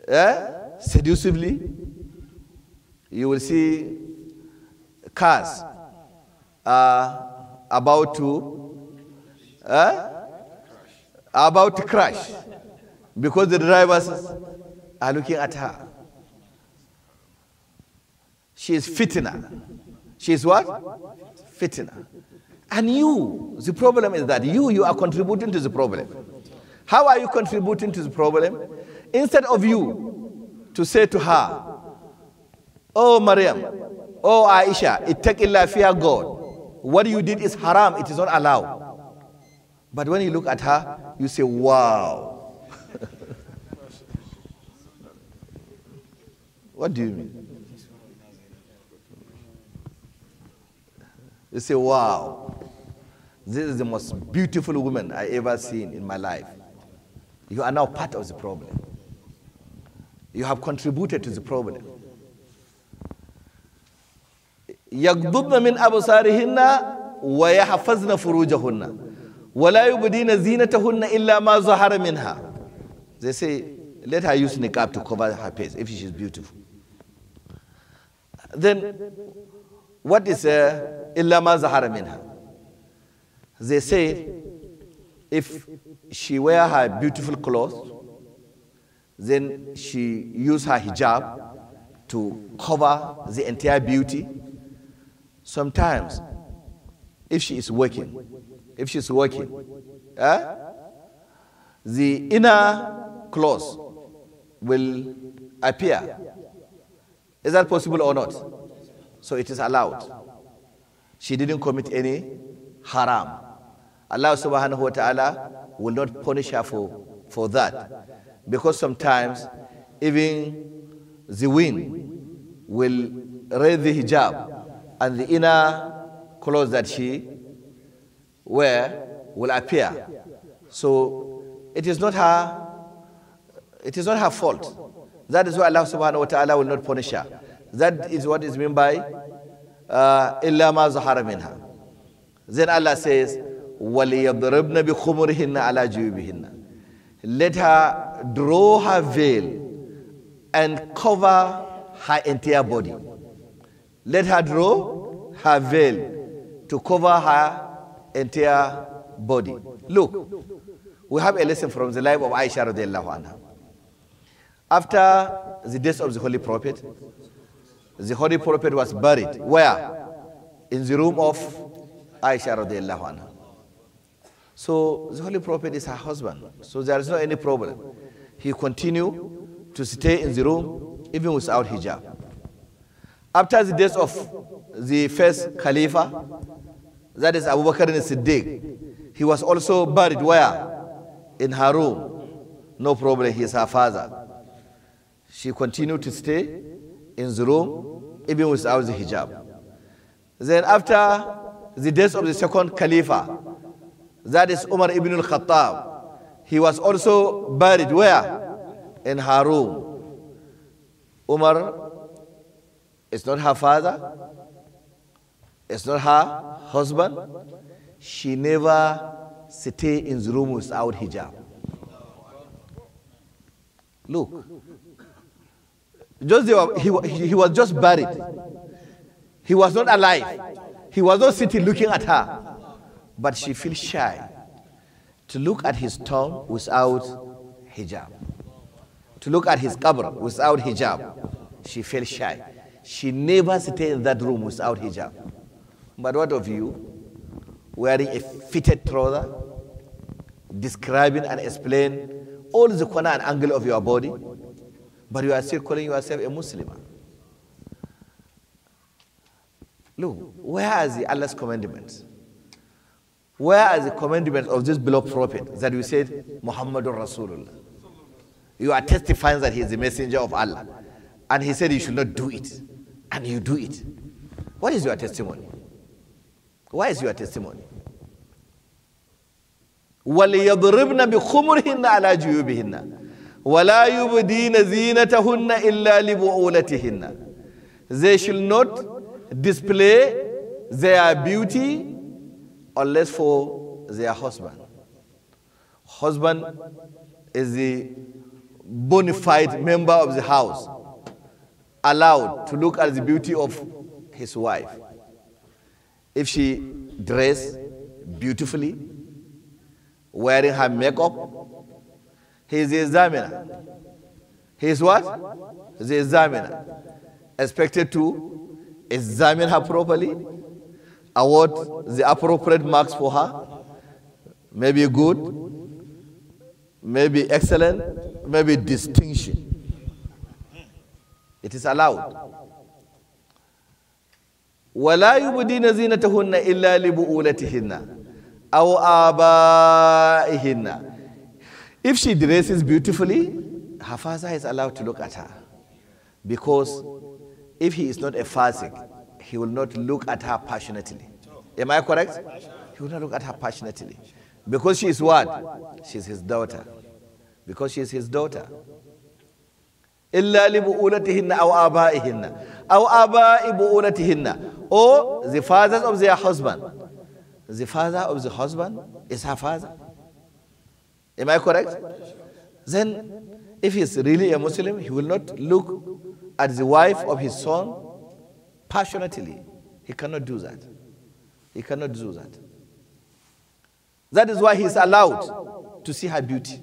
eh, seductively, you will see cars uh, about to eh? about to crash because the drivers are looking at her. She is fitna. She is what? Fitna. And you, the problem is that you, you are contributing to the problem. How are you contributing to the problem? Instead of you to say to her, Oh, Maryam, oh, Aisha, it life fear God. What you did is haram, it is not allowed. But when you look at her, you say, Wow. what do you mean? You say, Wow, this is the most beautiful woman I ever seen in my life. You are now part of the problem. You have contributed to the problem. يغضبن من أبصارهن وَيَحْفَزُنَّ فروجهن ولا يبدين زينتهن إلا ما زَهَرَ منها They say, let her use niqab to cover her face if she is beautiful. Then, what is uh, إلا ما زَهَرَ منها? They say, if she wear her beautiful clothes, then she use her hijab to cover the entire beauty. Sometimes, if she is working, if she's working, eh, the inner clothes will appear. Is that possible or not? So it is allowed. She didn't commit any haram. Allah subhanahu wa ta'ala will not punish her for, for that. Because sometimes even the wind will raise the hijab and the inner clothes that she wear will appear. So it is not her it is not her fault. That is why Allah subhanahu wa ta'ala will not punish her. That is what is meant by uh, illa minha. Then Allah says وَلِيَضْرِبْنَ بِخُمُرِهِنَّ عَلَى Let her draw her veil and cover her entire body. Let her draw her veil to cover her entire body. Look, we have a lesson from the life of Aisha radiallahu anha. After the death of the Holy Prophet, the Holy Prophet was buried. Where? In the room of Aisha radiallahu anha. So the Holy Prophet is her husband. So there is no any problem. He continued to stay in the room even without hijab. After the death of the first Khalifa, that is Abu Bakr al-Siddiq, he was also buried where? In her room. No problem, he is her father. She continued to stay in the room even without the hijab. Then after the death of the second Khalifa, that is Umar ibn al-Khattab. He was also buried where? In her Umar is not her father. It's not her husband. She never stay in the room without hijab. Look. Just he, he was just buried. He was not alive. He was not sitting looking at her but she feels shy to look at his tomb without hijab. To look at his cover without hijab, she feels shy. She never stayed in that room without hijab. But what of you, wearing a fitted trouser, describing and explaining all the corner and angle of your body, but you are still calling yourself a Muslim. Look, are the Allah's commandments? Where are the commandments of this beloved prophet that you said, Muhammadur Rasulullah? You are testifying that he is the messenger of Allah. And he said you should not do it. And you do it. What is your testimony? Why is your testimony? وليضربن بخمرهن على جيوبهن ولا يبدين زينتهن إلا لبؤولتهن They shall not display their beauty unless for their husband. Husband is the bona fide member of the house, allowed to look at the beauty of his wife. If she dressed beautifully, wearing her makeup, he is the examiner. He is what? The examiner. Expected to examine her properly, award the appropriate marks for her, maybe good, maybe excellent, maybe distinction. It is allowed. ولا يبدين زينتهن إلا لبؤولتهن أو آبائهن If she dresses beautifully, her father is allowed to look at her. Because if he is not a fasik, he will not look at her passionately. Am I correct? He would not look at her passionately. Because she is what? She is his daughter. Because she is his daughter. إلا لبؤولتهن أو or the fathers of their husband the father of the husband is her father am I correct then if he is really a Muslim he will not look at the wife of his son passionately he cannot do that he cannot do that. That is why he is allowed to see her beauty.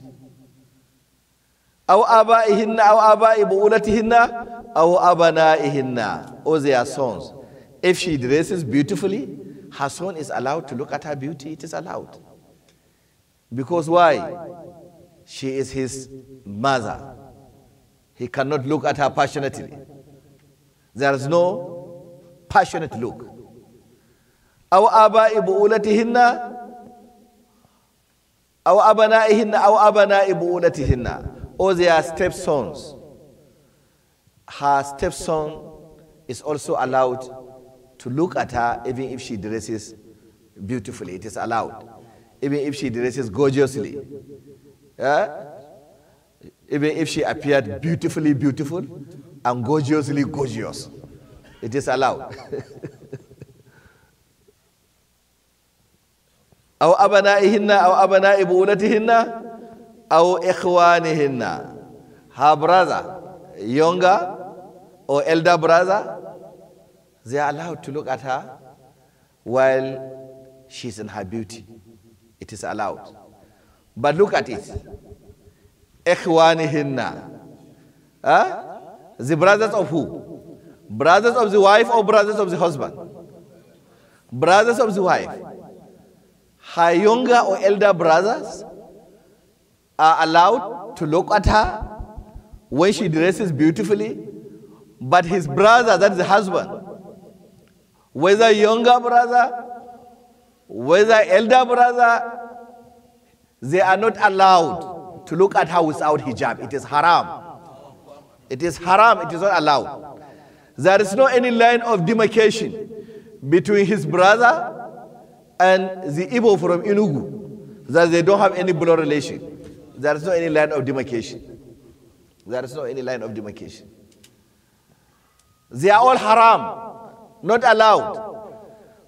أو آبائهن أو آباء بؤولتهن أو أبنائهن or their sons. If she dresses beautifully, her son is allowed to look at her beauty. It is allowed. Because why? She is his mother. He cannot look at her passionately. There is no passionate look. أو آباء بؤولتهن أو أبنائهن أو أبناء بؤولتهن or their stepsons. Her stepson is also allowed to look at her even if she dresses beautifully. It is allowed. Even if she dresses gorgeously. Yeah? Even if she appeared beautifully beautiful and gorgeously gorgeous. It is allowed. أو أبنائهن أو أبناء بولتهن أو إخوانهن ها brother younger or elder brother they are allowed to look at her while she's in her beauty it is allowed but look at it إخوانهن huh? the brothers of who brothers of the wife or brothers of the husband brothers of the wife her younger or elder brothers are allowed to look at her when she dresses beautifully, but his brother, that is the husband, whether younger brother, whether elder brother, they are not allowed to look at her without hijab. It is haram. It is haram. It is not allowed. There is no any line of demarcation between his brother and the Ibo from Inugu, that they don't have any blood relation. There is no any line of demarcation. There is no any line of demarcation. They are all haram, not allowed.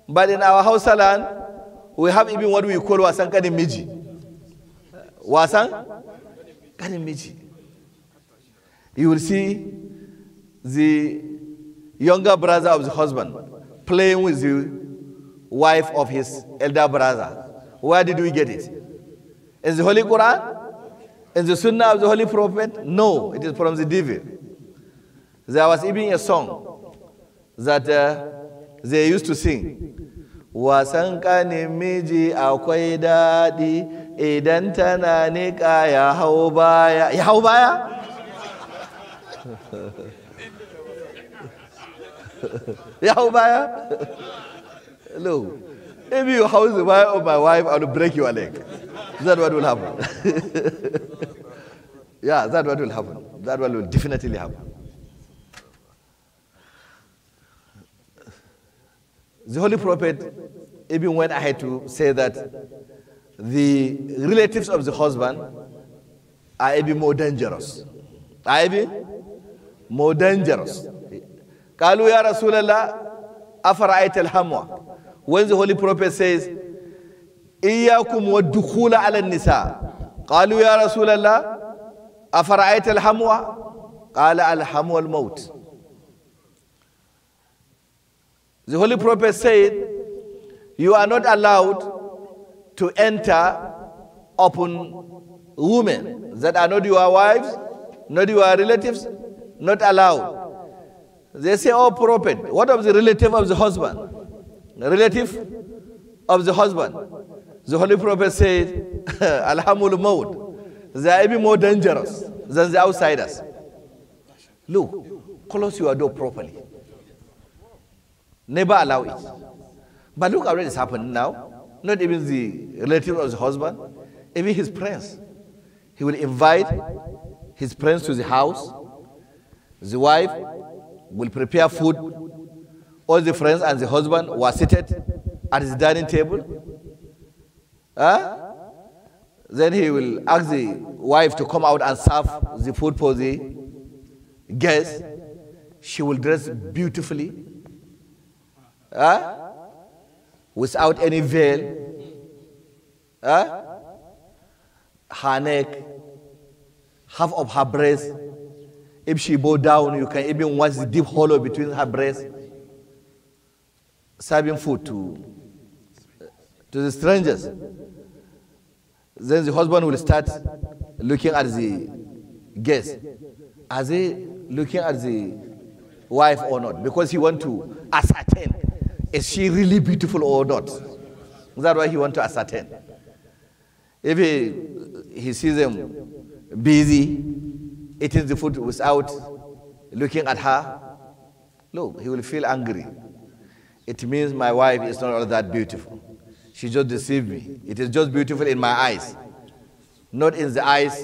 But in our house land, we have even what we call wasan kanimiji. Wasan kanimiji. You will see the younger brother of the husband playing with you wife of his elder brother. Where did we get it? In the Holy Quran? In the Sunnah of the Holy Prophet? No, it is from the devil. There was even a song that uh, they used to sing. Wasankani kanin miji akwai daɗi idan tana ya hau Ya hau baya? ya hau baya? Hello, if you house the wife of my wife, I will break your leg. Is that what will happen. yeah, that what will happen. That what will definitely happen. The Holy Prophet even went ahead to say that the relatives of the husband are even more dangerous. Are even more dangerous. قالوا يا رسول الله أفرأيت الهموة when the Holy Prophet says, إياكم والدخول على النساء قالوا يا رسول الله أفرأيت الحموى قال الحموى الموت The Holy Prophet said, you are not allowed to enter upon women that are not your wives, not your relatives, not allowed. They say, oh prophet, what of the relative of the husband? relative of the husband. The Holy Prophet said, Alhamul Maud, they are even more dangerous than the outsiders. Look, close your door properly. Never allow it. But look at what is happening now. Not even the relative of the husband, even his friends. He will invite his friends to the house. The wife will prepare food all the friends and the husband were seated at his dining table. Huh? Then he will ask the wife to come out and serve the food for the guests. She will dress beautifully, huh? without any veil. Huh? Her neck, half of her breast. If she bow down, you can even watch the deep hollow between her breast serving food to, to the strangers. Then the husband will start looking at the guest, Are they looking at the wife or not? Because he want to ascertain, is she really beautiful or not? That's why he want to ascertain. If he, he sees them busy, eating the food without looking at her, look, he will feel angry it means my wife is not all that beautiful. She just deceived me. It is just beautiful in my eyes, not in the eyes.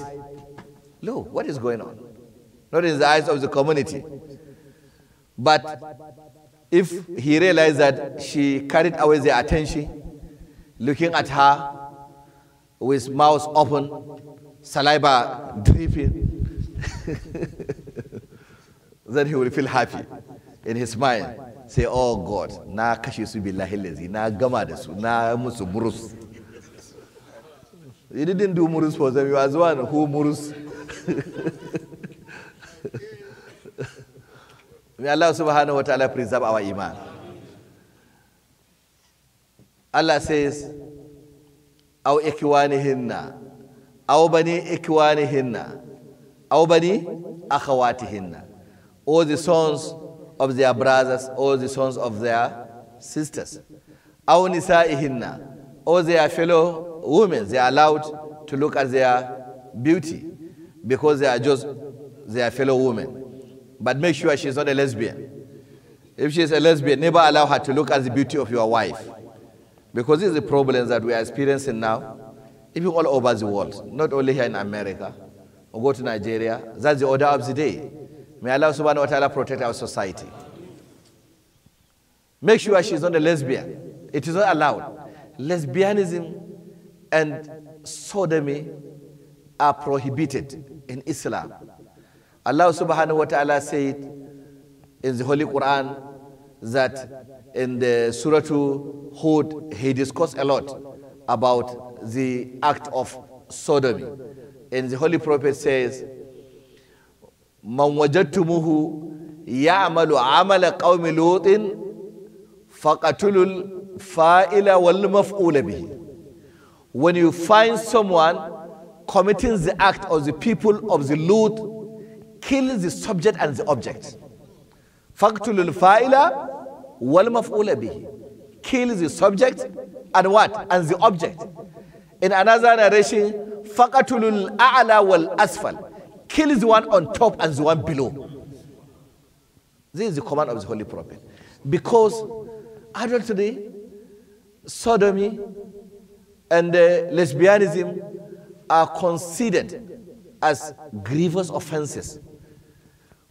Look, what is going on? Not in the eyes of the community. But if he realized that she carried away their attention, looking at her with mouth open, saliva dripping, then he will feel happy in his mind. Say, oh god na kashe su billahi lazi na gama da su na musu murus you didn't do murus for them you was one who murus may Allah subhanahu wa ta'ala preserve our iman Allah says aw ikwanihinna aw bani ikwanihinna aw bani akhawatihinna all the sons of their brothers or the sons of their sisters. أو نسائهن or their fellow women, they are allowed to look at their beauty because they are just their fellow women. But make sure she's not a lesbian. If she's a lesbian, never allow her to look at the beauty of your wife. Because this is the problem that we are experiencing now, even all over the world, not only here in America, or go to Nigeria, that's the order of the day. May Allah subhanahu wa ta'ala protect our society. Make sure she's not a lesbian. It is not allowed. Lesbianism and sodomy are prohibited in Islam. Allah subhanahu wa ta'ala said in the Holy Quran that in the Surah Hud, he discussed a lot about the act of sodomy. And the Holy Prophet says, من وجدتموه يعمل عمل قوم لوط فقتلوا الفائل والمفعول به when you find someone committing the act of the people of the loot kill the subject and the object فقتلوا الفائل والمفعول به kill the subject and what and the object in another narration فقتلوا الأعلى والأسفل Kill the one on top and the one below. This is the command of the Holy Prophet. Because adultery, sodomy, and uh, lesbianism are considered as grievous offenses.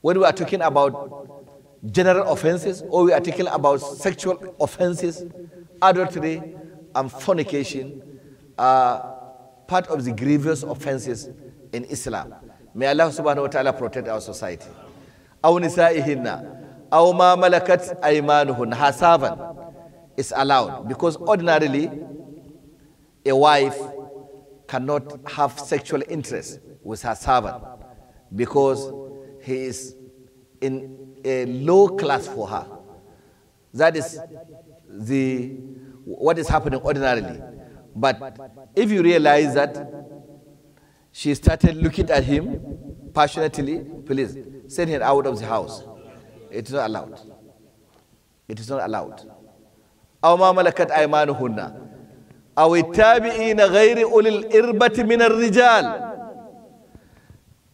When we are talking about general offenses, or we are talking about sexual offenses, adultery and fornication are part of the grievous offenses in Islam. May Allah subhanahu wa ta'ala protect our society. Aw nisa'ihinna, aw ma malakat aymanuhun, her servant is allowed. Because ordinarily, a wife cannot have sexual interest with her servant because he is in a low class for her. That is the what is happening ordinarily. But if you realize that she started looking at him passionately. Please, send her out of the house. It is not allowed. It is not allowed. أو ما ملكت أيمانهن أو التابعين غير أولي الإربة من الرجال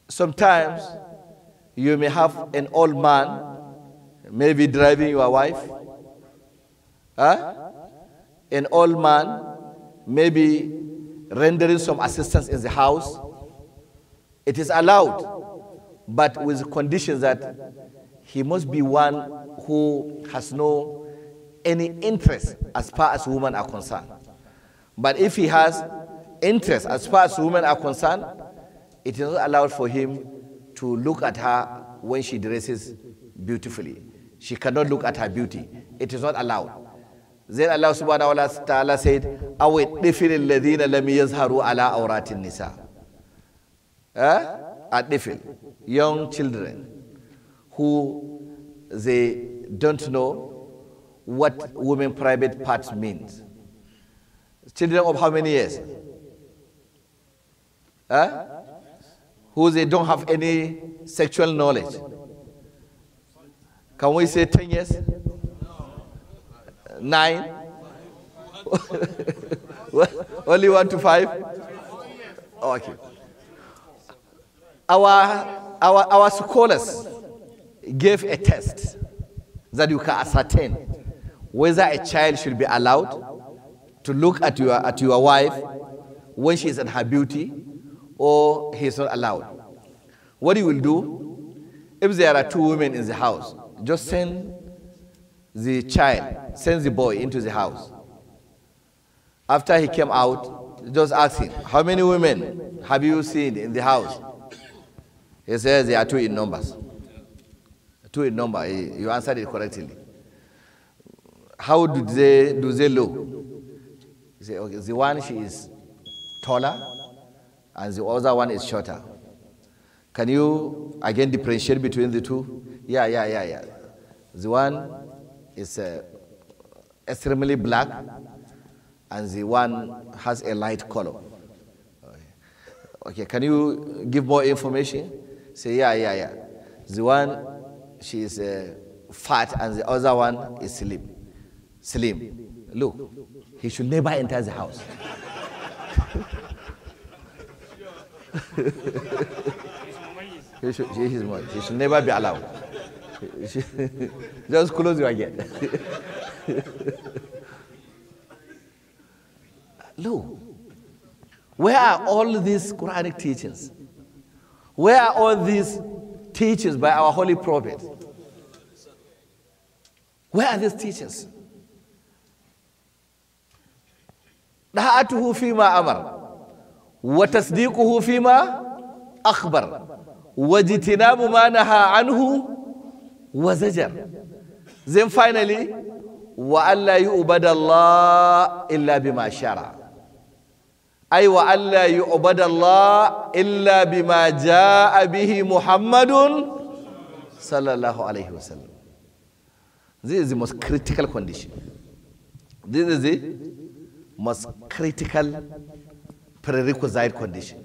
Sometimes you may have an old man maybe driving your wife huh? Ah, an old man maybe rendering some assistance in the house it is allowed, but with conditions that he must be one who has no any interest as far as women are concerned. But if he has interest as far as women are concerned, it is not allowed for him to look at her when she dresses beautifully. She cannot look at her beauty. It is not allowed. Then Allah subhanahu wa ta'ala said, أَوِ الطِّفِلِ الَّذِينَ لَمْ يَزْهَرُوا عَلَىٰ أَوْرَاتِ النِّسَاءِ uh, are different. Young children who they don't know what women private parts means. Children of how many years? Who they don't have any sexual knowledge. Can we say 10 years? Nine? Only one to five? Okay our, our, our scholars gave a test that you can ascertain whether a child should be allowed to look at your, at your wife when she is in her beauty or he is not allowed. What you will do, if there are two women in the house, just send the child, send the boy into the house. After he came out, just ask him, how many women have you seen in the house? He says there are two in numbers. Two in number. You answered it correctly. How do they do they look? You say, okay, the one she is taller and the other one is shorter. Can you again differentiate between the two? Yeah, yeah, yeah, yeah. The one is uh, extremely black and the one has a light color. Okay, okay. can you give more information? Say, yeah, yeah, yeah. The one, she is uh, fat, and the other one is slim. Slim. Look, he should never enter the house. he, should, he, should, he should never be allowed. Just close your eyes. Look, where are all these Quranic teachings? Where are all these teachings by our holy prophet? Where are these teachings? طاعته فيما أمر وتصديقه فيما أخبر واجتناب ما نهى عنه وزجر Then finally وأن لا يؤبد الله إلا بما شرع أيوة ألا يعبد الله إلا بما جاء به محمد صلى الله عليه وسلم This is the most critical condition. This is the most critical prerequisite condition.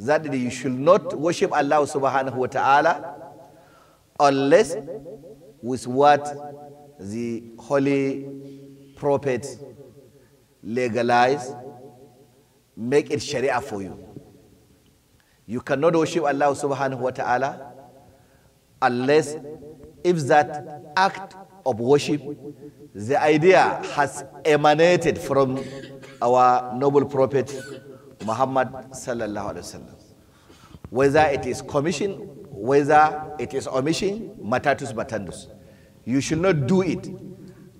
That you should not worship Allah subhanahu wa ta'ala unless with what the holy prophet legalized make it sharia for you. You cannot worship Allah subhanahu wa ta'ala unless if that act of worship, the idea has emanated from our noble prophet Muhammad sallallahu alaihi wasallam. Whether it is commission, whether it is omission, matatus batandus. You should not do it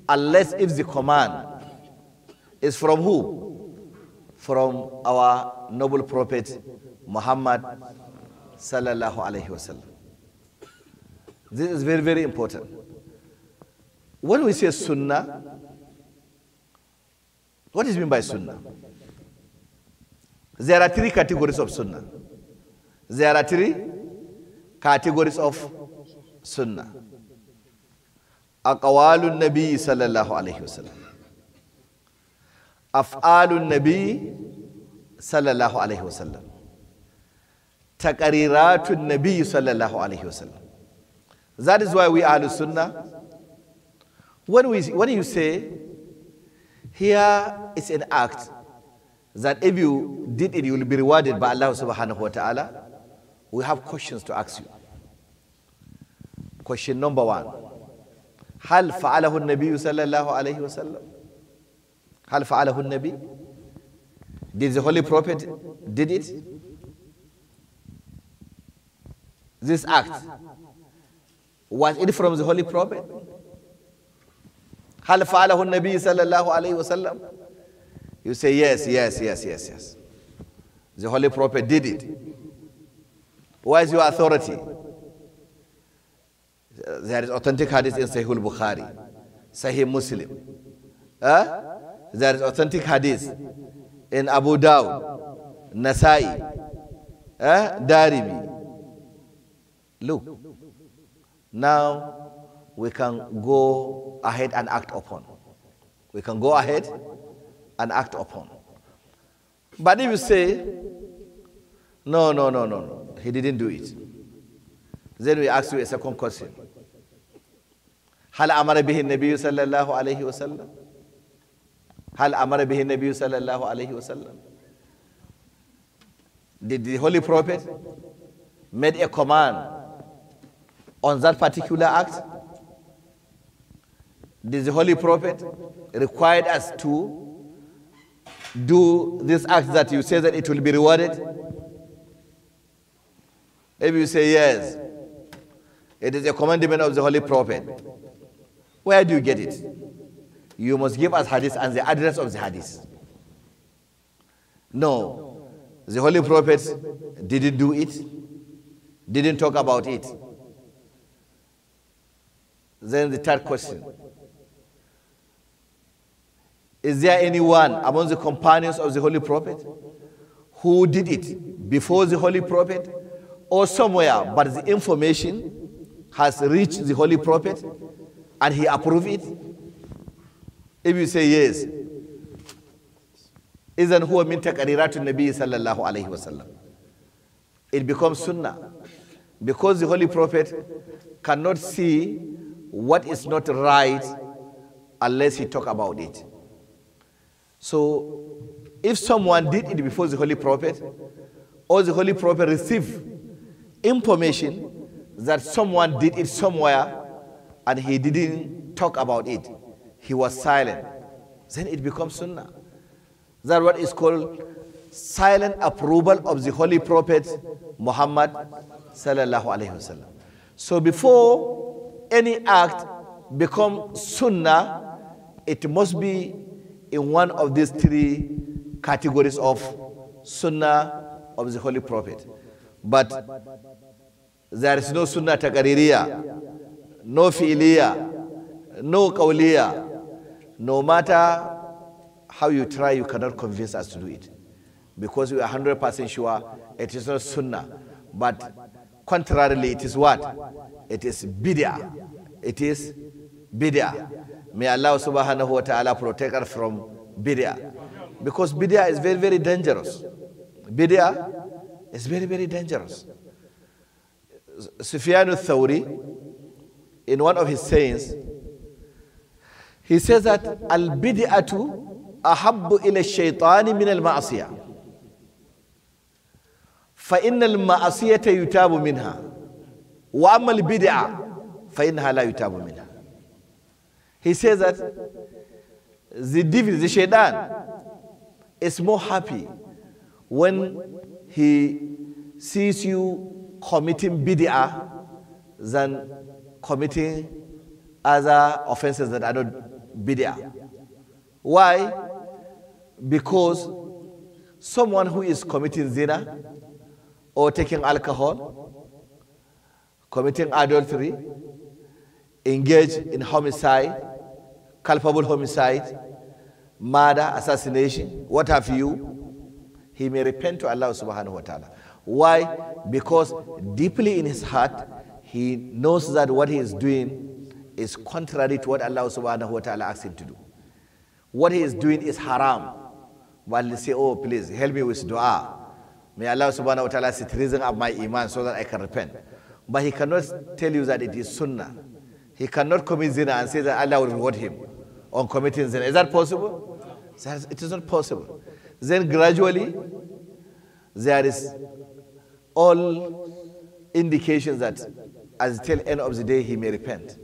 unless if the command is from who? from our noble prophet Muhammad sallallahu alaihi wasallam. This is very, very important. When we say sunnah, what is mean by sunnah? There are three categories of sunnah. There are three categories of sunnah. أقوال Nabi sallallahu الله عليه af'alun nabi sallallahu alaihi wasallam taqariratun nabi sallallahu alaihi wasallam that is why we are sunnah when we when you say here is an act that if you did it you will be rewarded by Allah subhanahu wa ta'ala we have questions to ask you question number 1 هل فعله النبي صلى الله عليه وسلم Hal fa'alahu nabi? Did the Holy Prophet did it? This act, was it from the Holy Prophet? Hal fa'alahu nabi sallallahu alayhi wasallam? You say yes, yes, yes, yes, yes. The Holy Prophet did it. Where is your authority? There is authentic hadith in Sahih al-Bukhari, Sahih Muslim. Huh? There is authentic hadith in Abu Dawud, Nasai, eh, Darimi. Look, now we can go ahead and act upon. We can go ahead and act upon. But if you say, no, no, no, no, no, he didn't do it. Then we ask you a second question. هل أمر به النبي صلى الله عليه وسلم؟ Hal amara bihi Nabi sallallahu alayhi wasallam. Did the Holy Prophet made a command on that particular act? Did the Holy Prophet required us to do this act that you say that it will be rewarded? If you say yes, it is a commandment of the Holy Prophet. Where do you get it? you must give us hadith and the address of the hadith. No, the holy prophet didn't do it, didn't talk about it. Then the third question Is there anyone among the companions of the holy prophet who did it before the holy prophet or somewhere, but the information has reached the holy prophet and he approved it? If you say yes, إذن هو من تكريرات النبي صلى الله عليه وسلم. It becomes sunnah. Because the Holy Prophet cannot see what is not right unless he talk about it. So if someone did it before the Holy Prophet, or the Holy Prophet received information that someone did it somewhere and he didn't talk about it, he was silent. Then it becomes sunnah. That what is called silent approval of the Holy Prophet Muhammad sallallahu alaihi wasallam. So before any act becomes sunnah, it must be in one of these three categories of sunnah of the Holy Prophet. But there is no sunnah takaririya, no fi'liya, no qawliya, no matter how you try, you cannot convince us to do it. Because we are 100% sure it is not sunnah. But contrarily, it is what? It is bid'ah. It is bid'ah. May Allah subhanahu wa ta'ala protect us from bid'ah. Because bid'ah is very, very dangerous. Bid'ah is very, very dangerous. Sufyan al-Thawri, in one of his sayings, he says that al bid'atu ahabbu ila shaytani min al ma'asiyah. فإن المعصية يتاب منها وأما البدعة فإنها لا يتاب minha. He says that the devil, the shaytan is more happy when he sees you committing bid'ah than committing other offenses that are not bid'ah. Why? Because someone who is committing zina or taking alcohol, committing adultery, engage in homicide, culpable homicide, murder, assassination, what have you, he may repent to Allah subhanahu wa ta'ala. Why? Because deeply in his heart, he knows that what he is doing is contrary to what Allah subhanahu wa ta'ala asks him to do. What he is doing is haram. While they say, oh, please help me with dua. May Allah subhanahu wa ta'ala sit reason of my iman so that I can repent. But he cannot tell you that it is sunnah. He cannot commit zina and say that Allah will reward him on committing zina. Is that possible? It is not possible. Then gradually, there is all indications that till end of the day he may repent.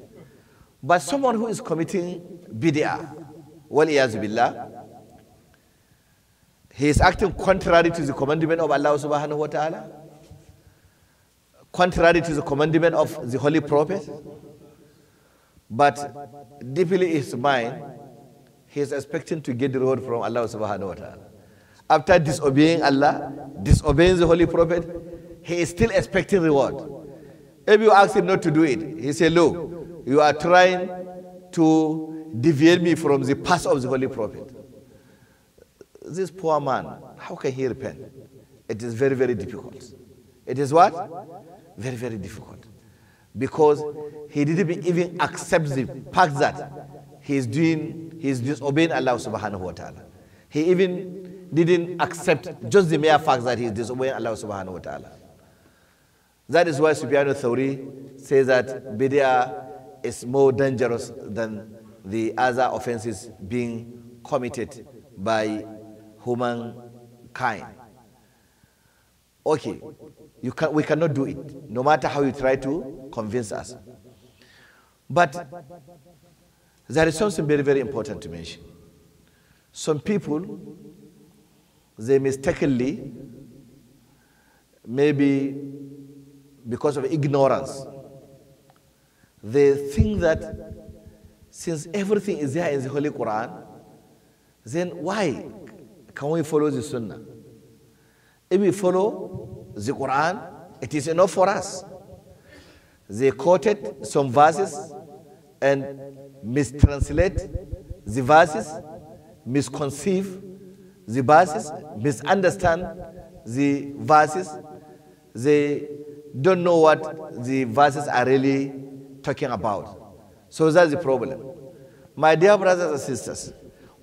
But someone who is committing bid'ah, waliyaz billah, he is acting contrary to the commandment of Allah subhanahu wa ta'ala, contrary to the commandment of the Holy Prophet, but deeply in his mind, he is expecting to get the reward from Allah subhanahu wa ta'ala. After disobeying Allah, disobeying the Holy Prophet, he is still expecting reward. If you ask him not to do it, he say, look, you are trying to deviate me from the path of the Holy Prophet. This poor man, how can he repent? It is very, very difficult. It is what? Very, very difficult. Because he didn't even accept the fact that he is doing, he is disobeying Allah subhanahu wa ta'ala. He even didn't accept just the mere fact that he is disobeying Allah subhanahu wa ta'ala. That is why Sufyan al-Thawri says that bid'ah is more dangerous than the other offenses being committed by humankind. Okay, you can, we cannot do it, no matter how you try to convince us. But there is something very, very important to mention. Some people, they mistakenly, maybe because of ignorance, they think that since everything is there in the Holy Quran, then why can we follow the Sunnah? If we follow the Quran, it is enough for us. They quoted some verses and mistranslate the verses, misconceive the verses, misunderstand the verses. They don't know what the verses are really talking about. So that's the problem. My dear brothers and sisters,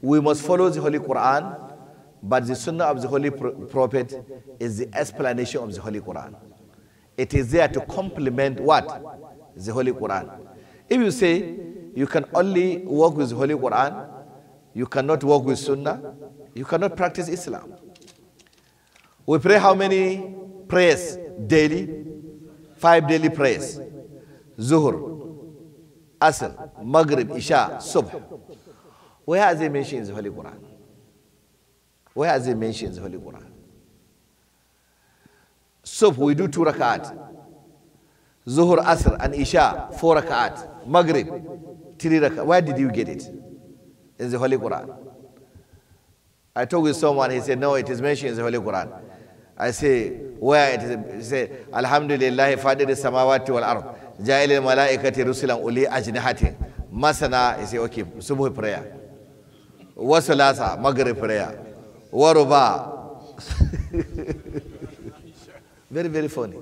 we must follow the Holy Quran, but the Sunnah of the Holy Prophet is the explanation of the Holy Quran. It is there to complement what? The Holy Quran. If you say you can only work with the Holy Quran, you cannot work with Sunnah, you cannot practice Islam. We pray how many prayers daily? Five daily prayers. Zuhur, Asr, Maghrib, Isha, Subh. Where are they mentioned in the Holy Quran? Where are they mentioned in the Holy Quran? Subh, we do two rakat. Zuhur, Asr, and Isha, four rakat. Maghrib, three rakat. Where did you get it? In the Holy Quran. I talked with someone, he said, no, it is mentioned in the Holy Quran. I say, where it is? He said, Alhamdulillah, Fadir samawati wal ard jailil mala'ikati rusulan uli ajnihatin masana ya oki okay subh prayer wa salasa maghrib prayer wa very very funny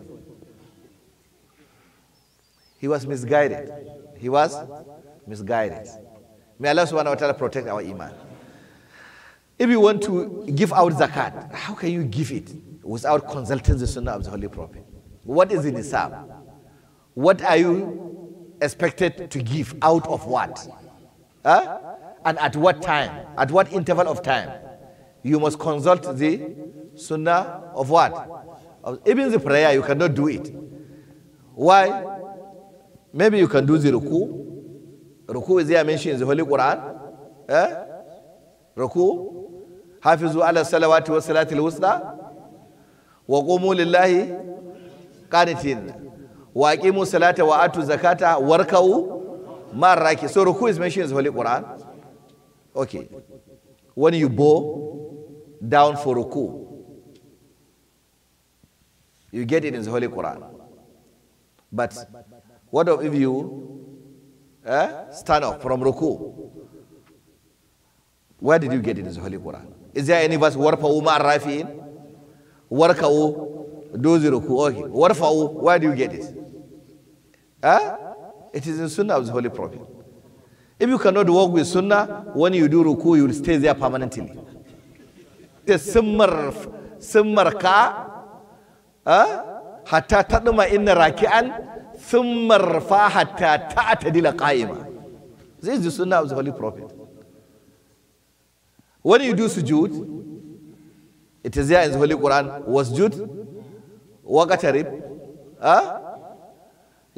he was misguided he was misguided may Allah subhanahu wa ta'ala protect our iman if you want to give out zakat how can you give it without consulting the sunnah of the holy prophet what is in Islam? What are you expected to give out of what? Huh? And at what time? At what interval of time? You must consult the sunnah of what? even the prayer, you cannot do it. Why? Maybe you can do the ruku. Ruku is there mentioned in the Holy Quran. Eh? Ruku. حافظوا على الصلوات والصلاة الوسطى وقوموا لله قانتين wa aqimu salata wa atu zakata warka'u maraki so ruku is mentioned in holy quran okay when you bow down for ruku you get it in the holy quran but what if you eh, stand up from ruku where did you get it in the holy quran is there any verse warfa'u ma'arrafi'in warka'u dozi ruku okay warfa'u where do you get it Huh? Eh? It is in Sunnah of the Holy Prophet. If you cannot walk with Sunnah, when you do ruku, you will stay there permanently. The summer, summer ka, eh? hatta taduma inna raki'an, summer fa hatta ta'atadila qa'ima. This is the Sunnah of the Holy Prophet. When you do sujood, it is there in the Holy Quran, wasjud, waqatarib, huh? Eh?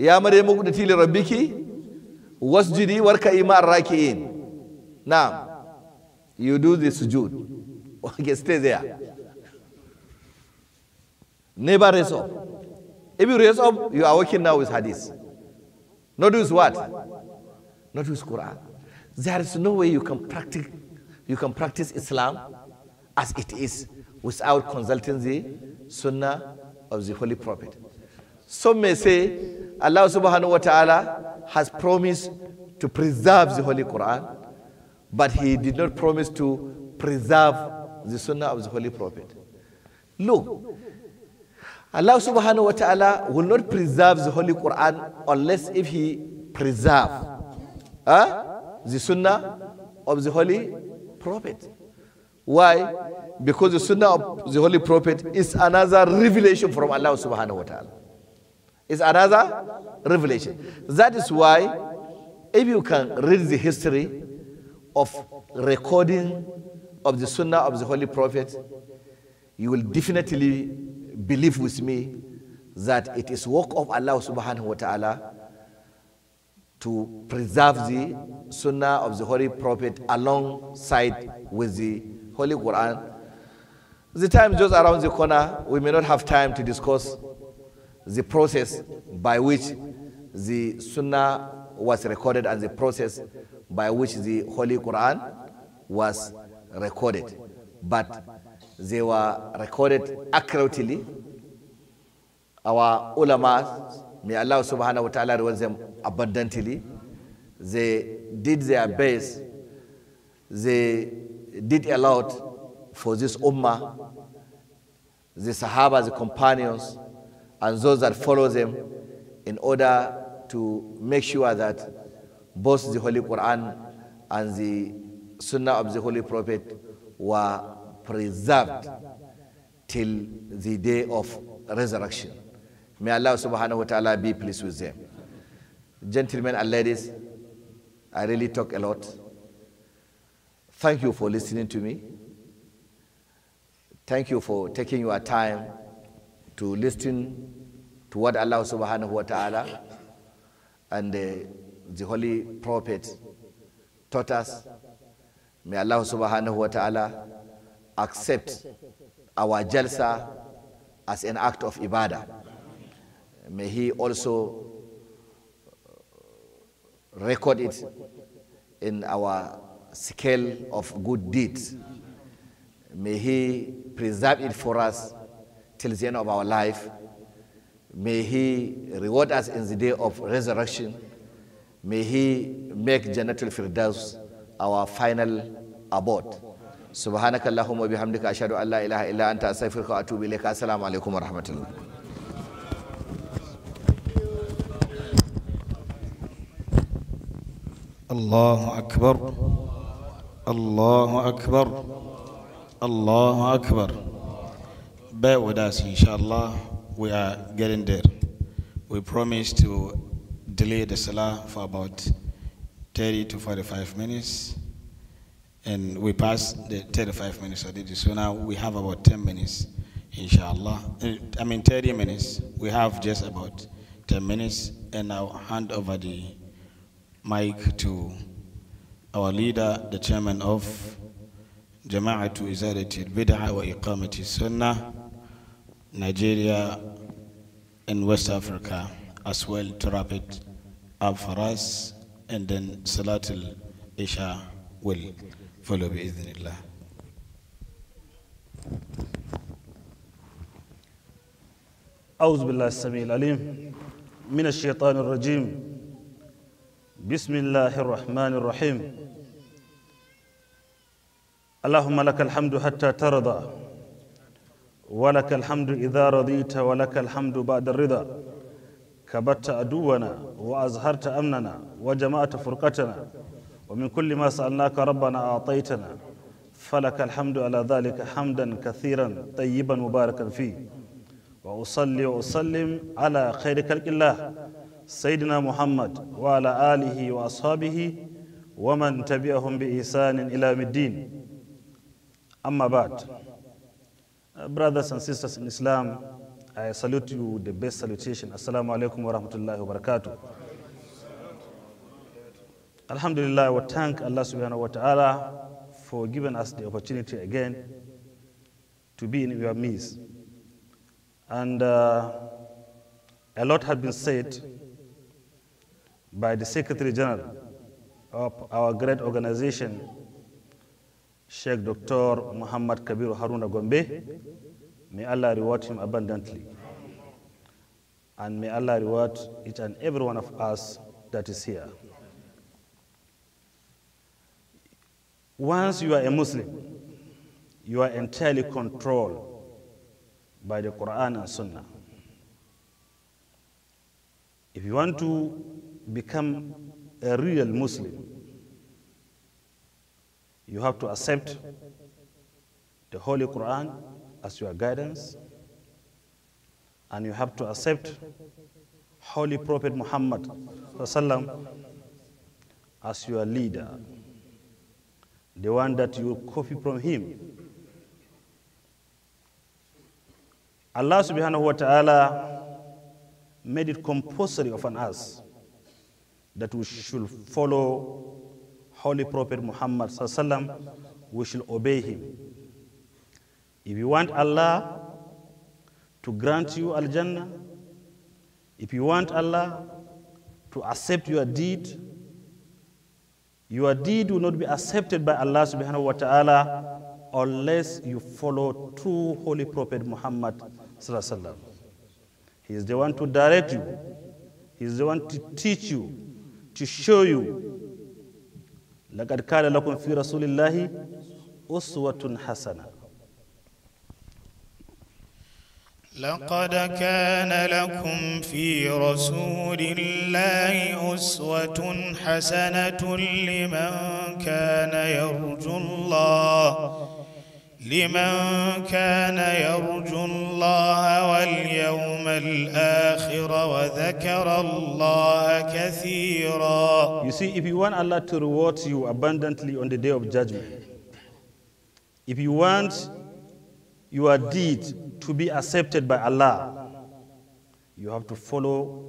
ya maryamu uqnuti li rabbiki wasjudi warka'i ma'ar raki'in na'am you do the sujood okay stay there never raise up if you raise up you are working now with hadith not with what not with quran there is no way you can practice you can practice islam as it is without consulting the sunnah of the holy prophet some may say Allah subhanahu wa ta'ala has promised to preserve the Holy Quran, but He did not promise to preserve the Sunnah of the Holy Prophet. Look, Allah subhanahu wa ta'ala will not preserve the Holy Quran unless if He preserve ah, the Sunnah of the Holy Prophet. Why? Because the Sunnah of the Holy Prophet is another revelation from Allah subhanahu wa ta'ala. It's another revelation. That is why, if you can read the history of recording of the Sunnah of the Holy Prophet, you will definitely believe with me that it is work of Allah subhanahu wa ta'ala to preserve the Sunnah of the Holy Prophet alongside with the Holy Quran. The time is just around the corner. We may not have time to discuss the process by which the Sunnah was recorded and the process by which the Holy Quran was recorded. But they were recorded accurately. Our ulama, may Allah subhanahu wa ta'ala reward them abundantly. They did their best. They did a lot for this ummah, the Sahaba, the companions, and those that follow them in order to make sure that both the Holy Quran and the Sunnah of the Holy Prophet were preserved till the day of resurrection. May Allah subhanahu wa ta'ala be pleased with them. Gentlemen and ladies, I really talk a lot. Thank you for listening to me. Thank you for taking your time to listen to what Allah subhanahu wa ta'ala and uh, the Holy Prophet taught us. May Allah subhanahu wa ta'ala accept our jalsa as an act of ibadah. May He also uh, record it in our scale of good deeds. May He preserve it for us till the end of our life. May He reward us in the day of resurrection. May He make Jannatul Firdaus our final abode. سبحانك اللهم وبحمدك أشهد أن لا إله إلا أنت أستغفرك وأتوب إليك السلام عليكم ورحمة الله الله أكبر الله أكبر الله أكبر bear with us, inshallah. We are getting there. We promised to delay the salah for about 30 to 45 minutes, and we passed the 35 minutes already. So now we have about 10 minutes, inshallah. I mean, 30 minutes. We have just about 10 minutes, and I'll hand over the mic to our leader, the chairman of Jama'atu Izadati al-Bid'ah wa Iqamati Sunnah. Nigeria and West Africa as well to wrap it up for us and then Salatul Isha will follow bi-idhnillah. أعوذ بالله السميع العليم من الشيطان الرجيم بسم الله الرحمن الرحيم اللهم لك الحمد حتى ترضى ولك الحمد إذا رضيت ولك الحمد بعد الرضا كبت أدونا وأزهرت أمننا وجمعت فرقتنا ومن كل ما سألناك ربنا أعطيتنا فلك الحمد على ذلك حمدا كثيرا طيبا مباركا فيه وأصلي وأسلم على خير خلق الله سيدنا محمد وعلى آله وأصحابه ومن تبعهم بإحسان إلى الدين أما بعد brothers and sisters in Islam, I salute you with the best salutation. Assalamu alaikum wa rahmatullahi wa barakatuh. Alhamdulillah, thank Allah subhanahu wa ta'ala for giving us the opportunity again to be in your midst. And uh, a lot has been said by the Secretary General of our great organization, Sheikh Dr. Muhammad Kabiru Haruna Gombe. May Allah reward him abundantly. And may Allah reward each and every one of us that is here. Once you are a Muslim, you are entirely controlled by the Quran and Sunnah. If you want to become a real Muslim, you have to accept the Holy Quran as your guidance, and you have to accept Holy Prophet Muhammad as your leader, the one that you copy from him. Allah subhanahu wa ta'ala made it compulsory upon us that we should follow Holy Prophet Muhammad sallam, we shall obey him. If you want Allah to grant you Al-Jannah, if you want Allah to accept your deed, your deed will not be accepted by Allah subhanahu wa ta'ala unless you follow true Holy Prophet Muhammad sallallahu He is the one to direct you. He is the one to teach you, to show you, لقد كان لكم في رسول الله أسوة حسنة لقد كان لكم في رسول الله أسوة حسنة لمن كان يرجو الله لمن كان يرجو الله واليوم الآخر وذكر الله كثيرا You see, if you want Allah to reward you abundantly on the day of judgment, if you want your deed to be accepted by Allah, you have to follow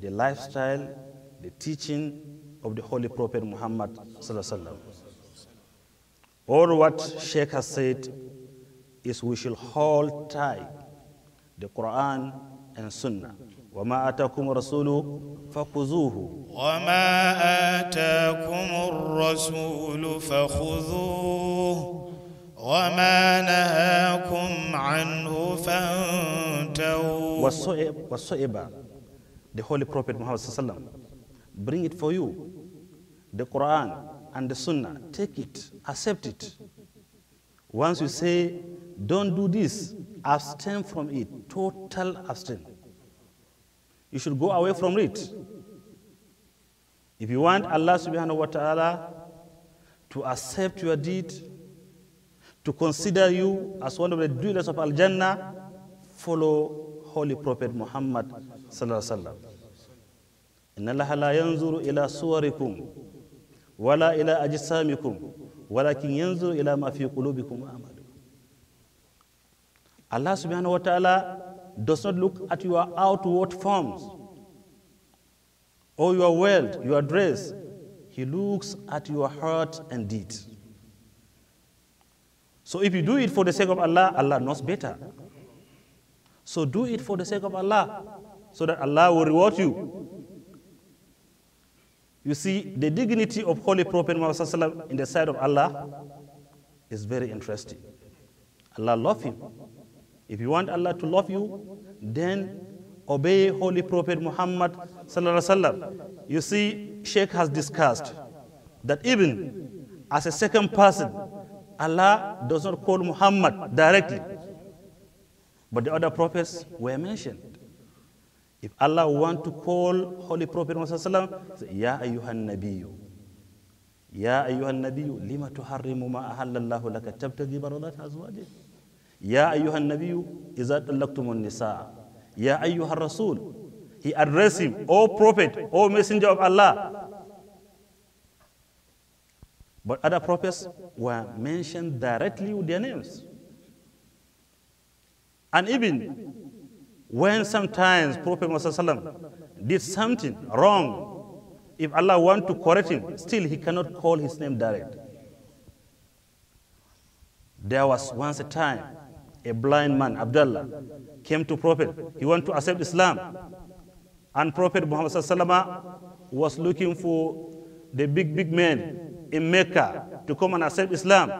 the lifestyle, the teaching of the Holy Prophet Muhammad sallallahu alaihi wasallam. Or what Sheikh has said is we should hold tight the Quran and Sunnah. وما آتاكم الرسول فخذوه وما آتاكم الرسول فخذوه وما نهاكم عنه فانتهوا whatsoever, whatsoever the Holy Prophet Muhammad صلى الله عليه وسلم bring it for you the Quran and the Sunnah. Take it, accept it. Once you say, don't do this, abstain from it, total abstain. You should go away from it. If you want Allah subhanahu wa ta'ala to accept your deed, to consider you as one of the dwellers of Al Jannah, follow Holy Prophet Muhammad sallallahu alaihi wasallam. إن الله لا ينظر إلى صوركم ولا إلى أجسامكم ولكن ينظر إلى ما في قلوبكم وأعمالكم Allah subhanahu wa ta'ala does not look at your outward forms or your wealth, your dress. He looks at your heart and deeds. So if you do it for the sake of Allah, Allah knows better. So do it for the sake of Allah so that Allah will reward you. You see, the dignity of Holy Prophet Muhammad in the sight of Allah is very interesting. Allah love him. If you want Allah to love you, then obey Holy Prophet Muhammad You see, Sheikh has discussed that even as a second person, Allah does not call Muhammad directly, but the other prophets were mentioned. If Allah want to call Holy Prophet Muhammad say, Ya Ayuhan nabiyyu, Ya Ayuhan nabiyyu, lima tuharrimu ma ahallallahu laka tabtagi baradat azwajih. Ya Ayuhan nabiyyu, iza tallaqtumun nisa, Ya Ayuhan rasul. He addressed him, O Prophet, O Messenger of Allah. But other prophets were mentioned directly with their names. And even when sometimes Prophet Muhammad did something wrong, if Allah want to correct him, still he cannot call his name direct. There was once a time a blind man, Abdullah, came to Prophet. He wanted to accept Islam. And Prophet Muhammad was looking for the big, big man in Mecca to come and accept Islam.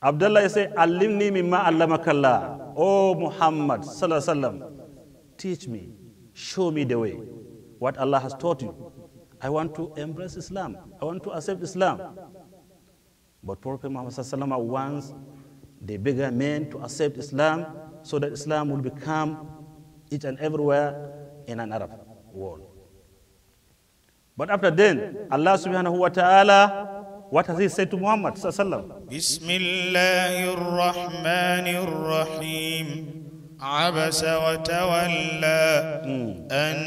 Abdullah said, Alimni mimma allamakallah. O oh Muhammad, Wasallam, teach me, show me the way, what Allah has taught you. I want to embrace Islam. I want to accept Islam. But Prophet Muhammad Wasallam wants the bigger men to accept Islam so that Islam will become each and everywhere in an Arab world. But after then, Allah subhanahu wa ta'ala what has he said to Muhammad sallallahu Bismillahir Rahmanir Rahim. عبس وتولى أن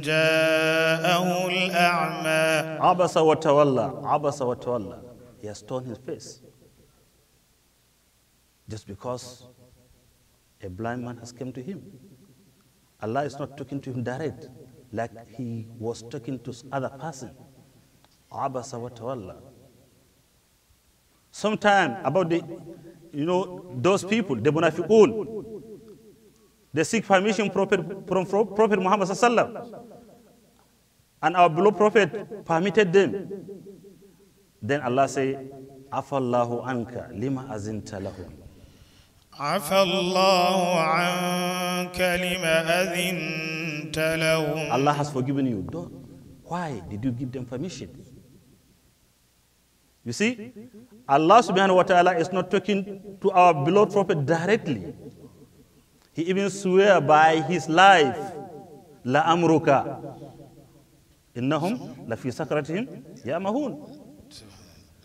جاءه الأعمى عبس وتولى عبس وتولى He has torn his face just because a blind man has come to him. Allah is not talking to him direct like he was talking to other person. عبس وتولى Sometimes about the, you know, those people, the munafiqun, they seek permission from Prophet Muhammad sallam, and our beloved Prophet permitted them. Then Allah say, Afallahu anka lima azinta lahum. عفى الله عنك لما أذنت لهم Allah has forgiven you. Don't. Why did you give them permission? You see, Allah subhanahu wa ta'ala is not talking to our beloved Prophet directly. He even swear by his life, La amruka. Innahum la fi sakratihim yamahun.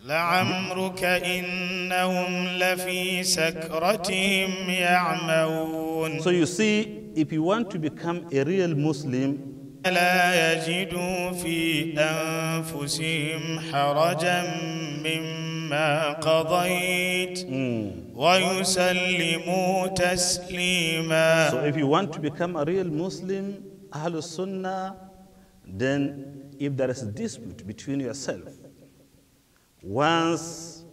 لعمرك إنهم لفي سكرتهم يعمون So you see, if you want to become a real Muslim, لا يجدوا في أنفسهم حرجا مما قضيت ويسلموا تسليما So if you want to become a real Muslim, Ahlul Sunnah, then if there is a dispute between yourself, once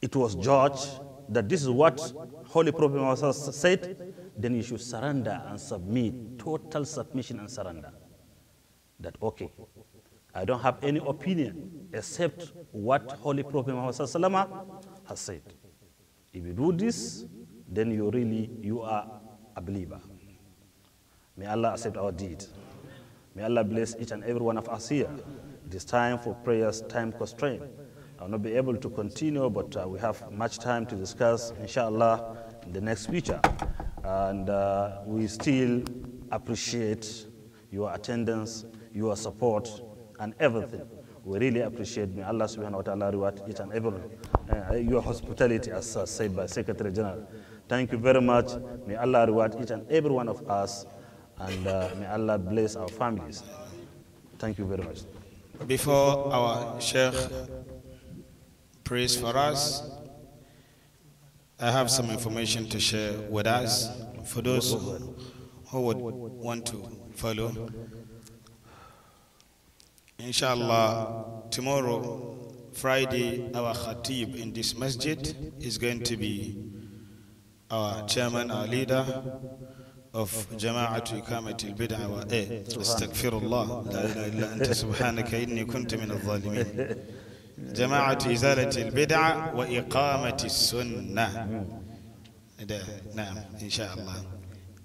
it was judged that this is what Holy Prophet said, then you should surrender and submit total submission and surrender. That, okay, I don't have any opinion except what Holy Prophet Muhammad has said. If you do this, then you really, you are a believer. May Allah accept our deed. May Allah bless each and every one of us here. It is time for prayers, time constraint. I will not be able to continue, but uh, we have much time to discuss, inshallah, in the next feature. And uh, we still appreciate your attendance, your support, and everything. We really appreciate me. Allah subhanahu wa ta'ala reward each and every uh, your hospitality as uh, said by Secretary General. Thank you very much. May Allah reward each and every one of us and uh, may Allah bless our families. Thank you very much. Before our Sheikh prays for us, I have some information to share with us for those who who would want to follow. Inshallah, tomorrow, Friday, our khatib in this masjid is going to be our chairman, our leader of Jamaat Ikamat al-Bid'ah wa eh, Astaghfirullah, la ilaha illa anta subhanaka inni kuntu min al-zalimin. Jama'atu Izalat al-Bid'ah wa Iqamati al-Sunnah. نعم إن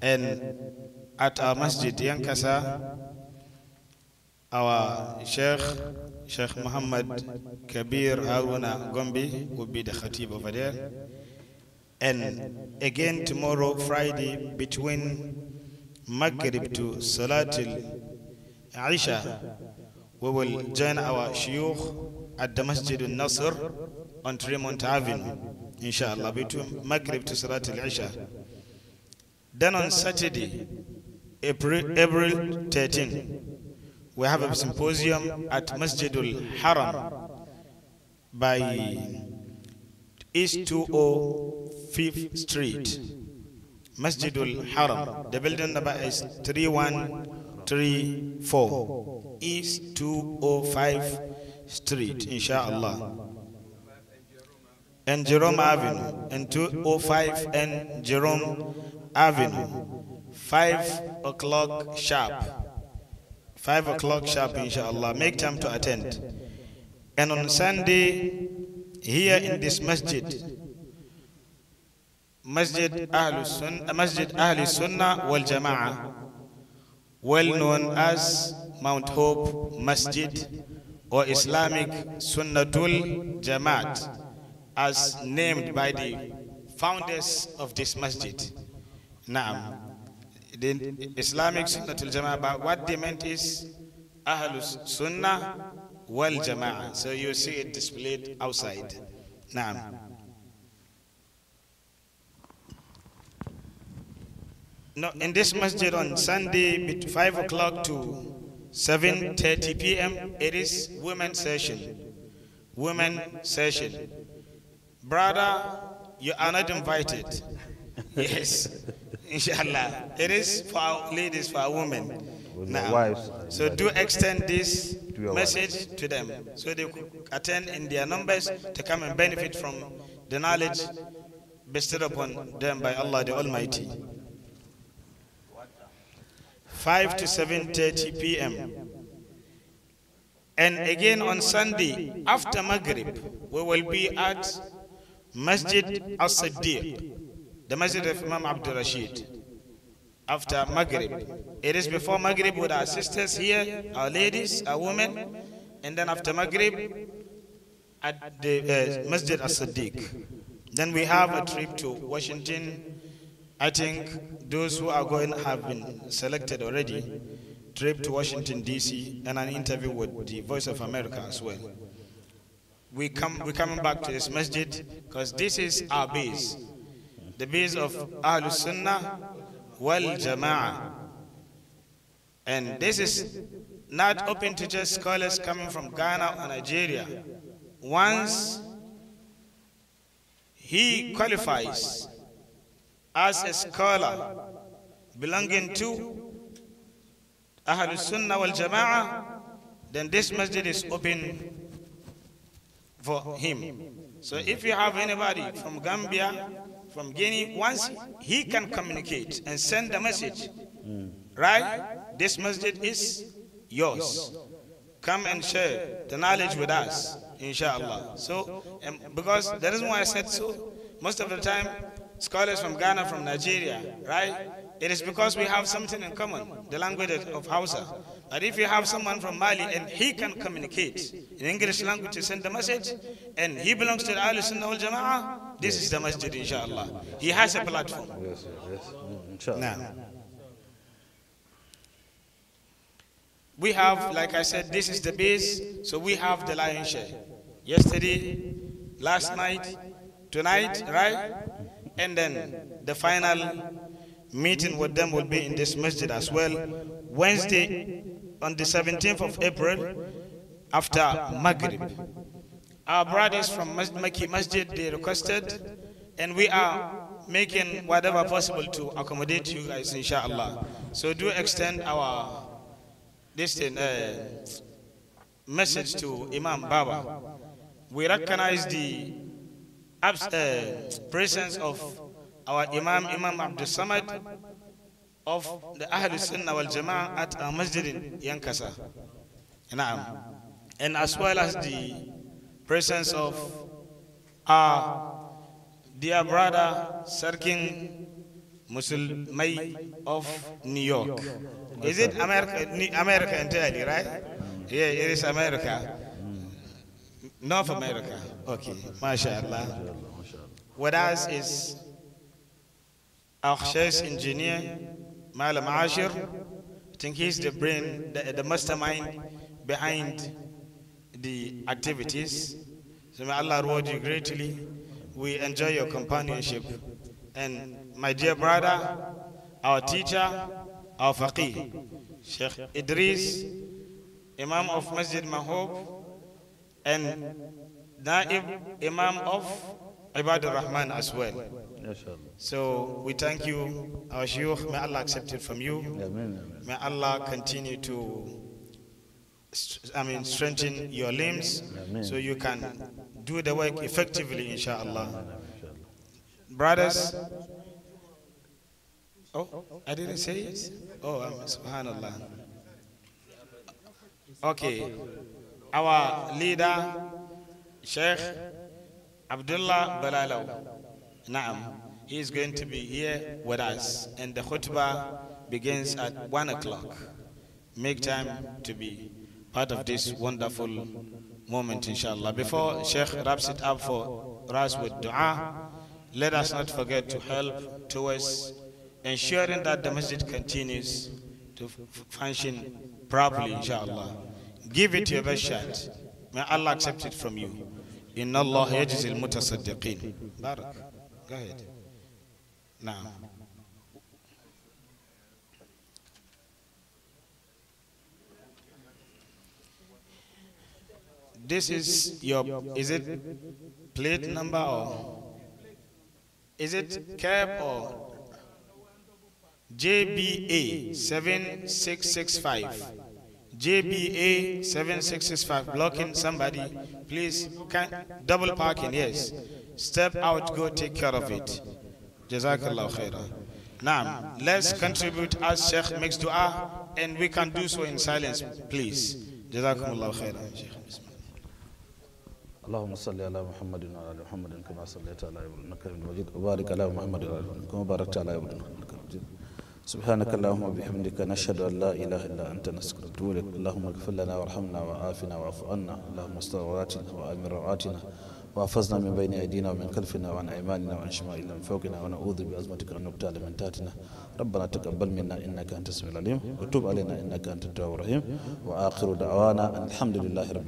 and at our masjid, Yankasa, our Sheikh, Sheikh Muhammad Kabir Haruna Gombi will be the khatib over there. And again tomorrow, Friday, between Maghrib to Salatil Aisha, we will join our shiur at the Masjid al-Nasr on Tremont Avenue, inshallah, between Maghrib to Salatil Aisha. Then on Saturday, April, April 13, we have a symposium at Masjidul Haram by East 205th Street. Masjidul Haram. The building number is 3134 East 205 Street, inshallah. And Jerome Avenue, and 205 and Jerome Avenue, 5 o'clock sharp. 5 o'clock sharp, inshallah. Make time to attend. And on Sunday, here in this masjid, Masjid Ahlul Sunnah, uh, Masjid Sunnah wal Jama'ah, well known as Mount Hope Masjid or Islamic Sunnatul Jamaat, as named by the founders of this masjid. Now, the Islamic Sunnah al Jama'ah, what they meant is Ahlus Sunnah wal Jama'ah. So you see it displayed outside. Now, no, in this masjid on Sunday, between 5 o'clock to 7.30 p.m., it is women's session. Women session. Brother, you are not invited. Yes. inshallah. It is for our ladies, for our women. With now. Wives so do extend this to message wife. to them so they could attend in their numbers to come and benefit from the knowledge bestowed upon them by Allah the Almighty. 5 to 7.30 p.m. And again on Sunday, after Maghrib, we will be at Masjid al-Siddiq the masjid of Imam Abdul Rashid after Maghrib. It is before Maghrib with our sisters here, our ladies, our women, and then after Maghrib at the uh, Masjid as siddiq Then we have a trip to Washington. I think those who are going have been selected already. Trip to Washington, D.C., and an interview with the Voice of America as well. We come, we're coming back to this masjid because this is our base the base of Ahlul Sunnah wal Jama'ah. And this is not open to just scholars coming from Ghana or Nigeria. Once he qualifies as a scholar belonging to Ahlul Sunnah wal Jama'ah, then this masjid is open for him. So if you have anybody from Gambia from Guinea, once he can communicate and send the message, right? This message is yours. Come and share the knowledge with us, inshallah. So, because the reason why I said so, most of the time, scholars from Ghana, from Nigeria, right? It is because we have something in common, the language of Hausa. But if you have someone from Mali and he can communicate in English language to send the message, and he belongs to the Islamic Sunnah wal Jama'ah, this is the masjid, inshallah. He has a platform. Yes, yes, inshallah. Now, we have, like I said, this is the base, so we have the lion's share. Yesterday, last night, tonight, right? And then the final meeting with them will be in this masjid as well. Wednesday, on the 17th of April, after Maghrib. Our brothers from Maki Masjid, they requested, and we are making whatever possible to accommodate you guys, inshallah. So do extend our this thing, uh, message to Imam Baba. We recognize the uh, presence of our Imam, Imam Abdul Samad, of the Ahlul Sunnah wal Jama'ah at our Masjid in Yankasa. And as well as the presence of our dear brother Serkin Musulmai of New York. Is it America, America entirely, right? Yeah, it is America. North America. Okay, mashallah. Whereas is our chef engineer, Malam Ashir. I think he's the brain, the, the mastermind behind the activities. So may Allah reward you greatly. We enjoy your companionship. And my dear brother, our teacher, our faqih, Sheikh Idris, Imam of Masjid Mahob, and Naib Imam of Ibad Rahman as well. So we thank you, our Shaykh. May Allah accept it from you. May Allah continue to I mean, strengthen your limbs so you can do the work effectively, inshallah. Brothers, oh, I didn't say it? Oh, I'm, um, subhanallah. Okay, our leader, Sheikh Abdullah Balalaw, Naam, he is going to be here with us, and the khutbah begins at 1 o'clock. Make time to be part of this wonderful moment, inshallah. Before Sheikh wraps it up for us with dua, let us not forget to help towards ensuring that the masjid continues to function properly, inshallah. Give it your best shot. May Allah accept it from you. Inna Allah yajzil mutasaddiqeen. Barak. Go ahead. Now. This is your, is it plate number or? Is it cab or? JBA 7665. JBA 7665. Blocking somebody. Please can, double parking, yes. Step out, go take care of it. Jazakallah khairan. Now, let's contribute as Sheikh makes dua, and we can do so in silence, please. Jazakumullah khairan, Sheikh. اللهم صل على محمد وعلى ال محمد كما صليت على ابراهيم انك حميد مجيد وبارك على محمد وعلى ال محمد كما باركت على ابراهيم انك مجيد سبحانك اللهم وبحمدك نشهد ان لا اله الا انت نستغفرك دولك اللهم اغفر لنا وارحمنا وعافنا واعف عنا اللهم استر عوراتنا وامن روعاتنا واحفظنا من بين ايدينا ومن خلفنا وعن ايماننا وعن شمائلنا من فوقنا ونعوذ بعظمتك ان نبتال من تحتنا ربنا تقبل منا انك انت السميع العليم وتوب علينا انك انت التواب الرحيم واخر دعوانا الحمد لله رب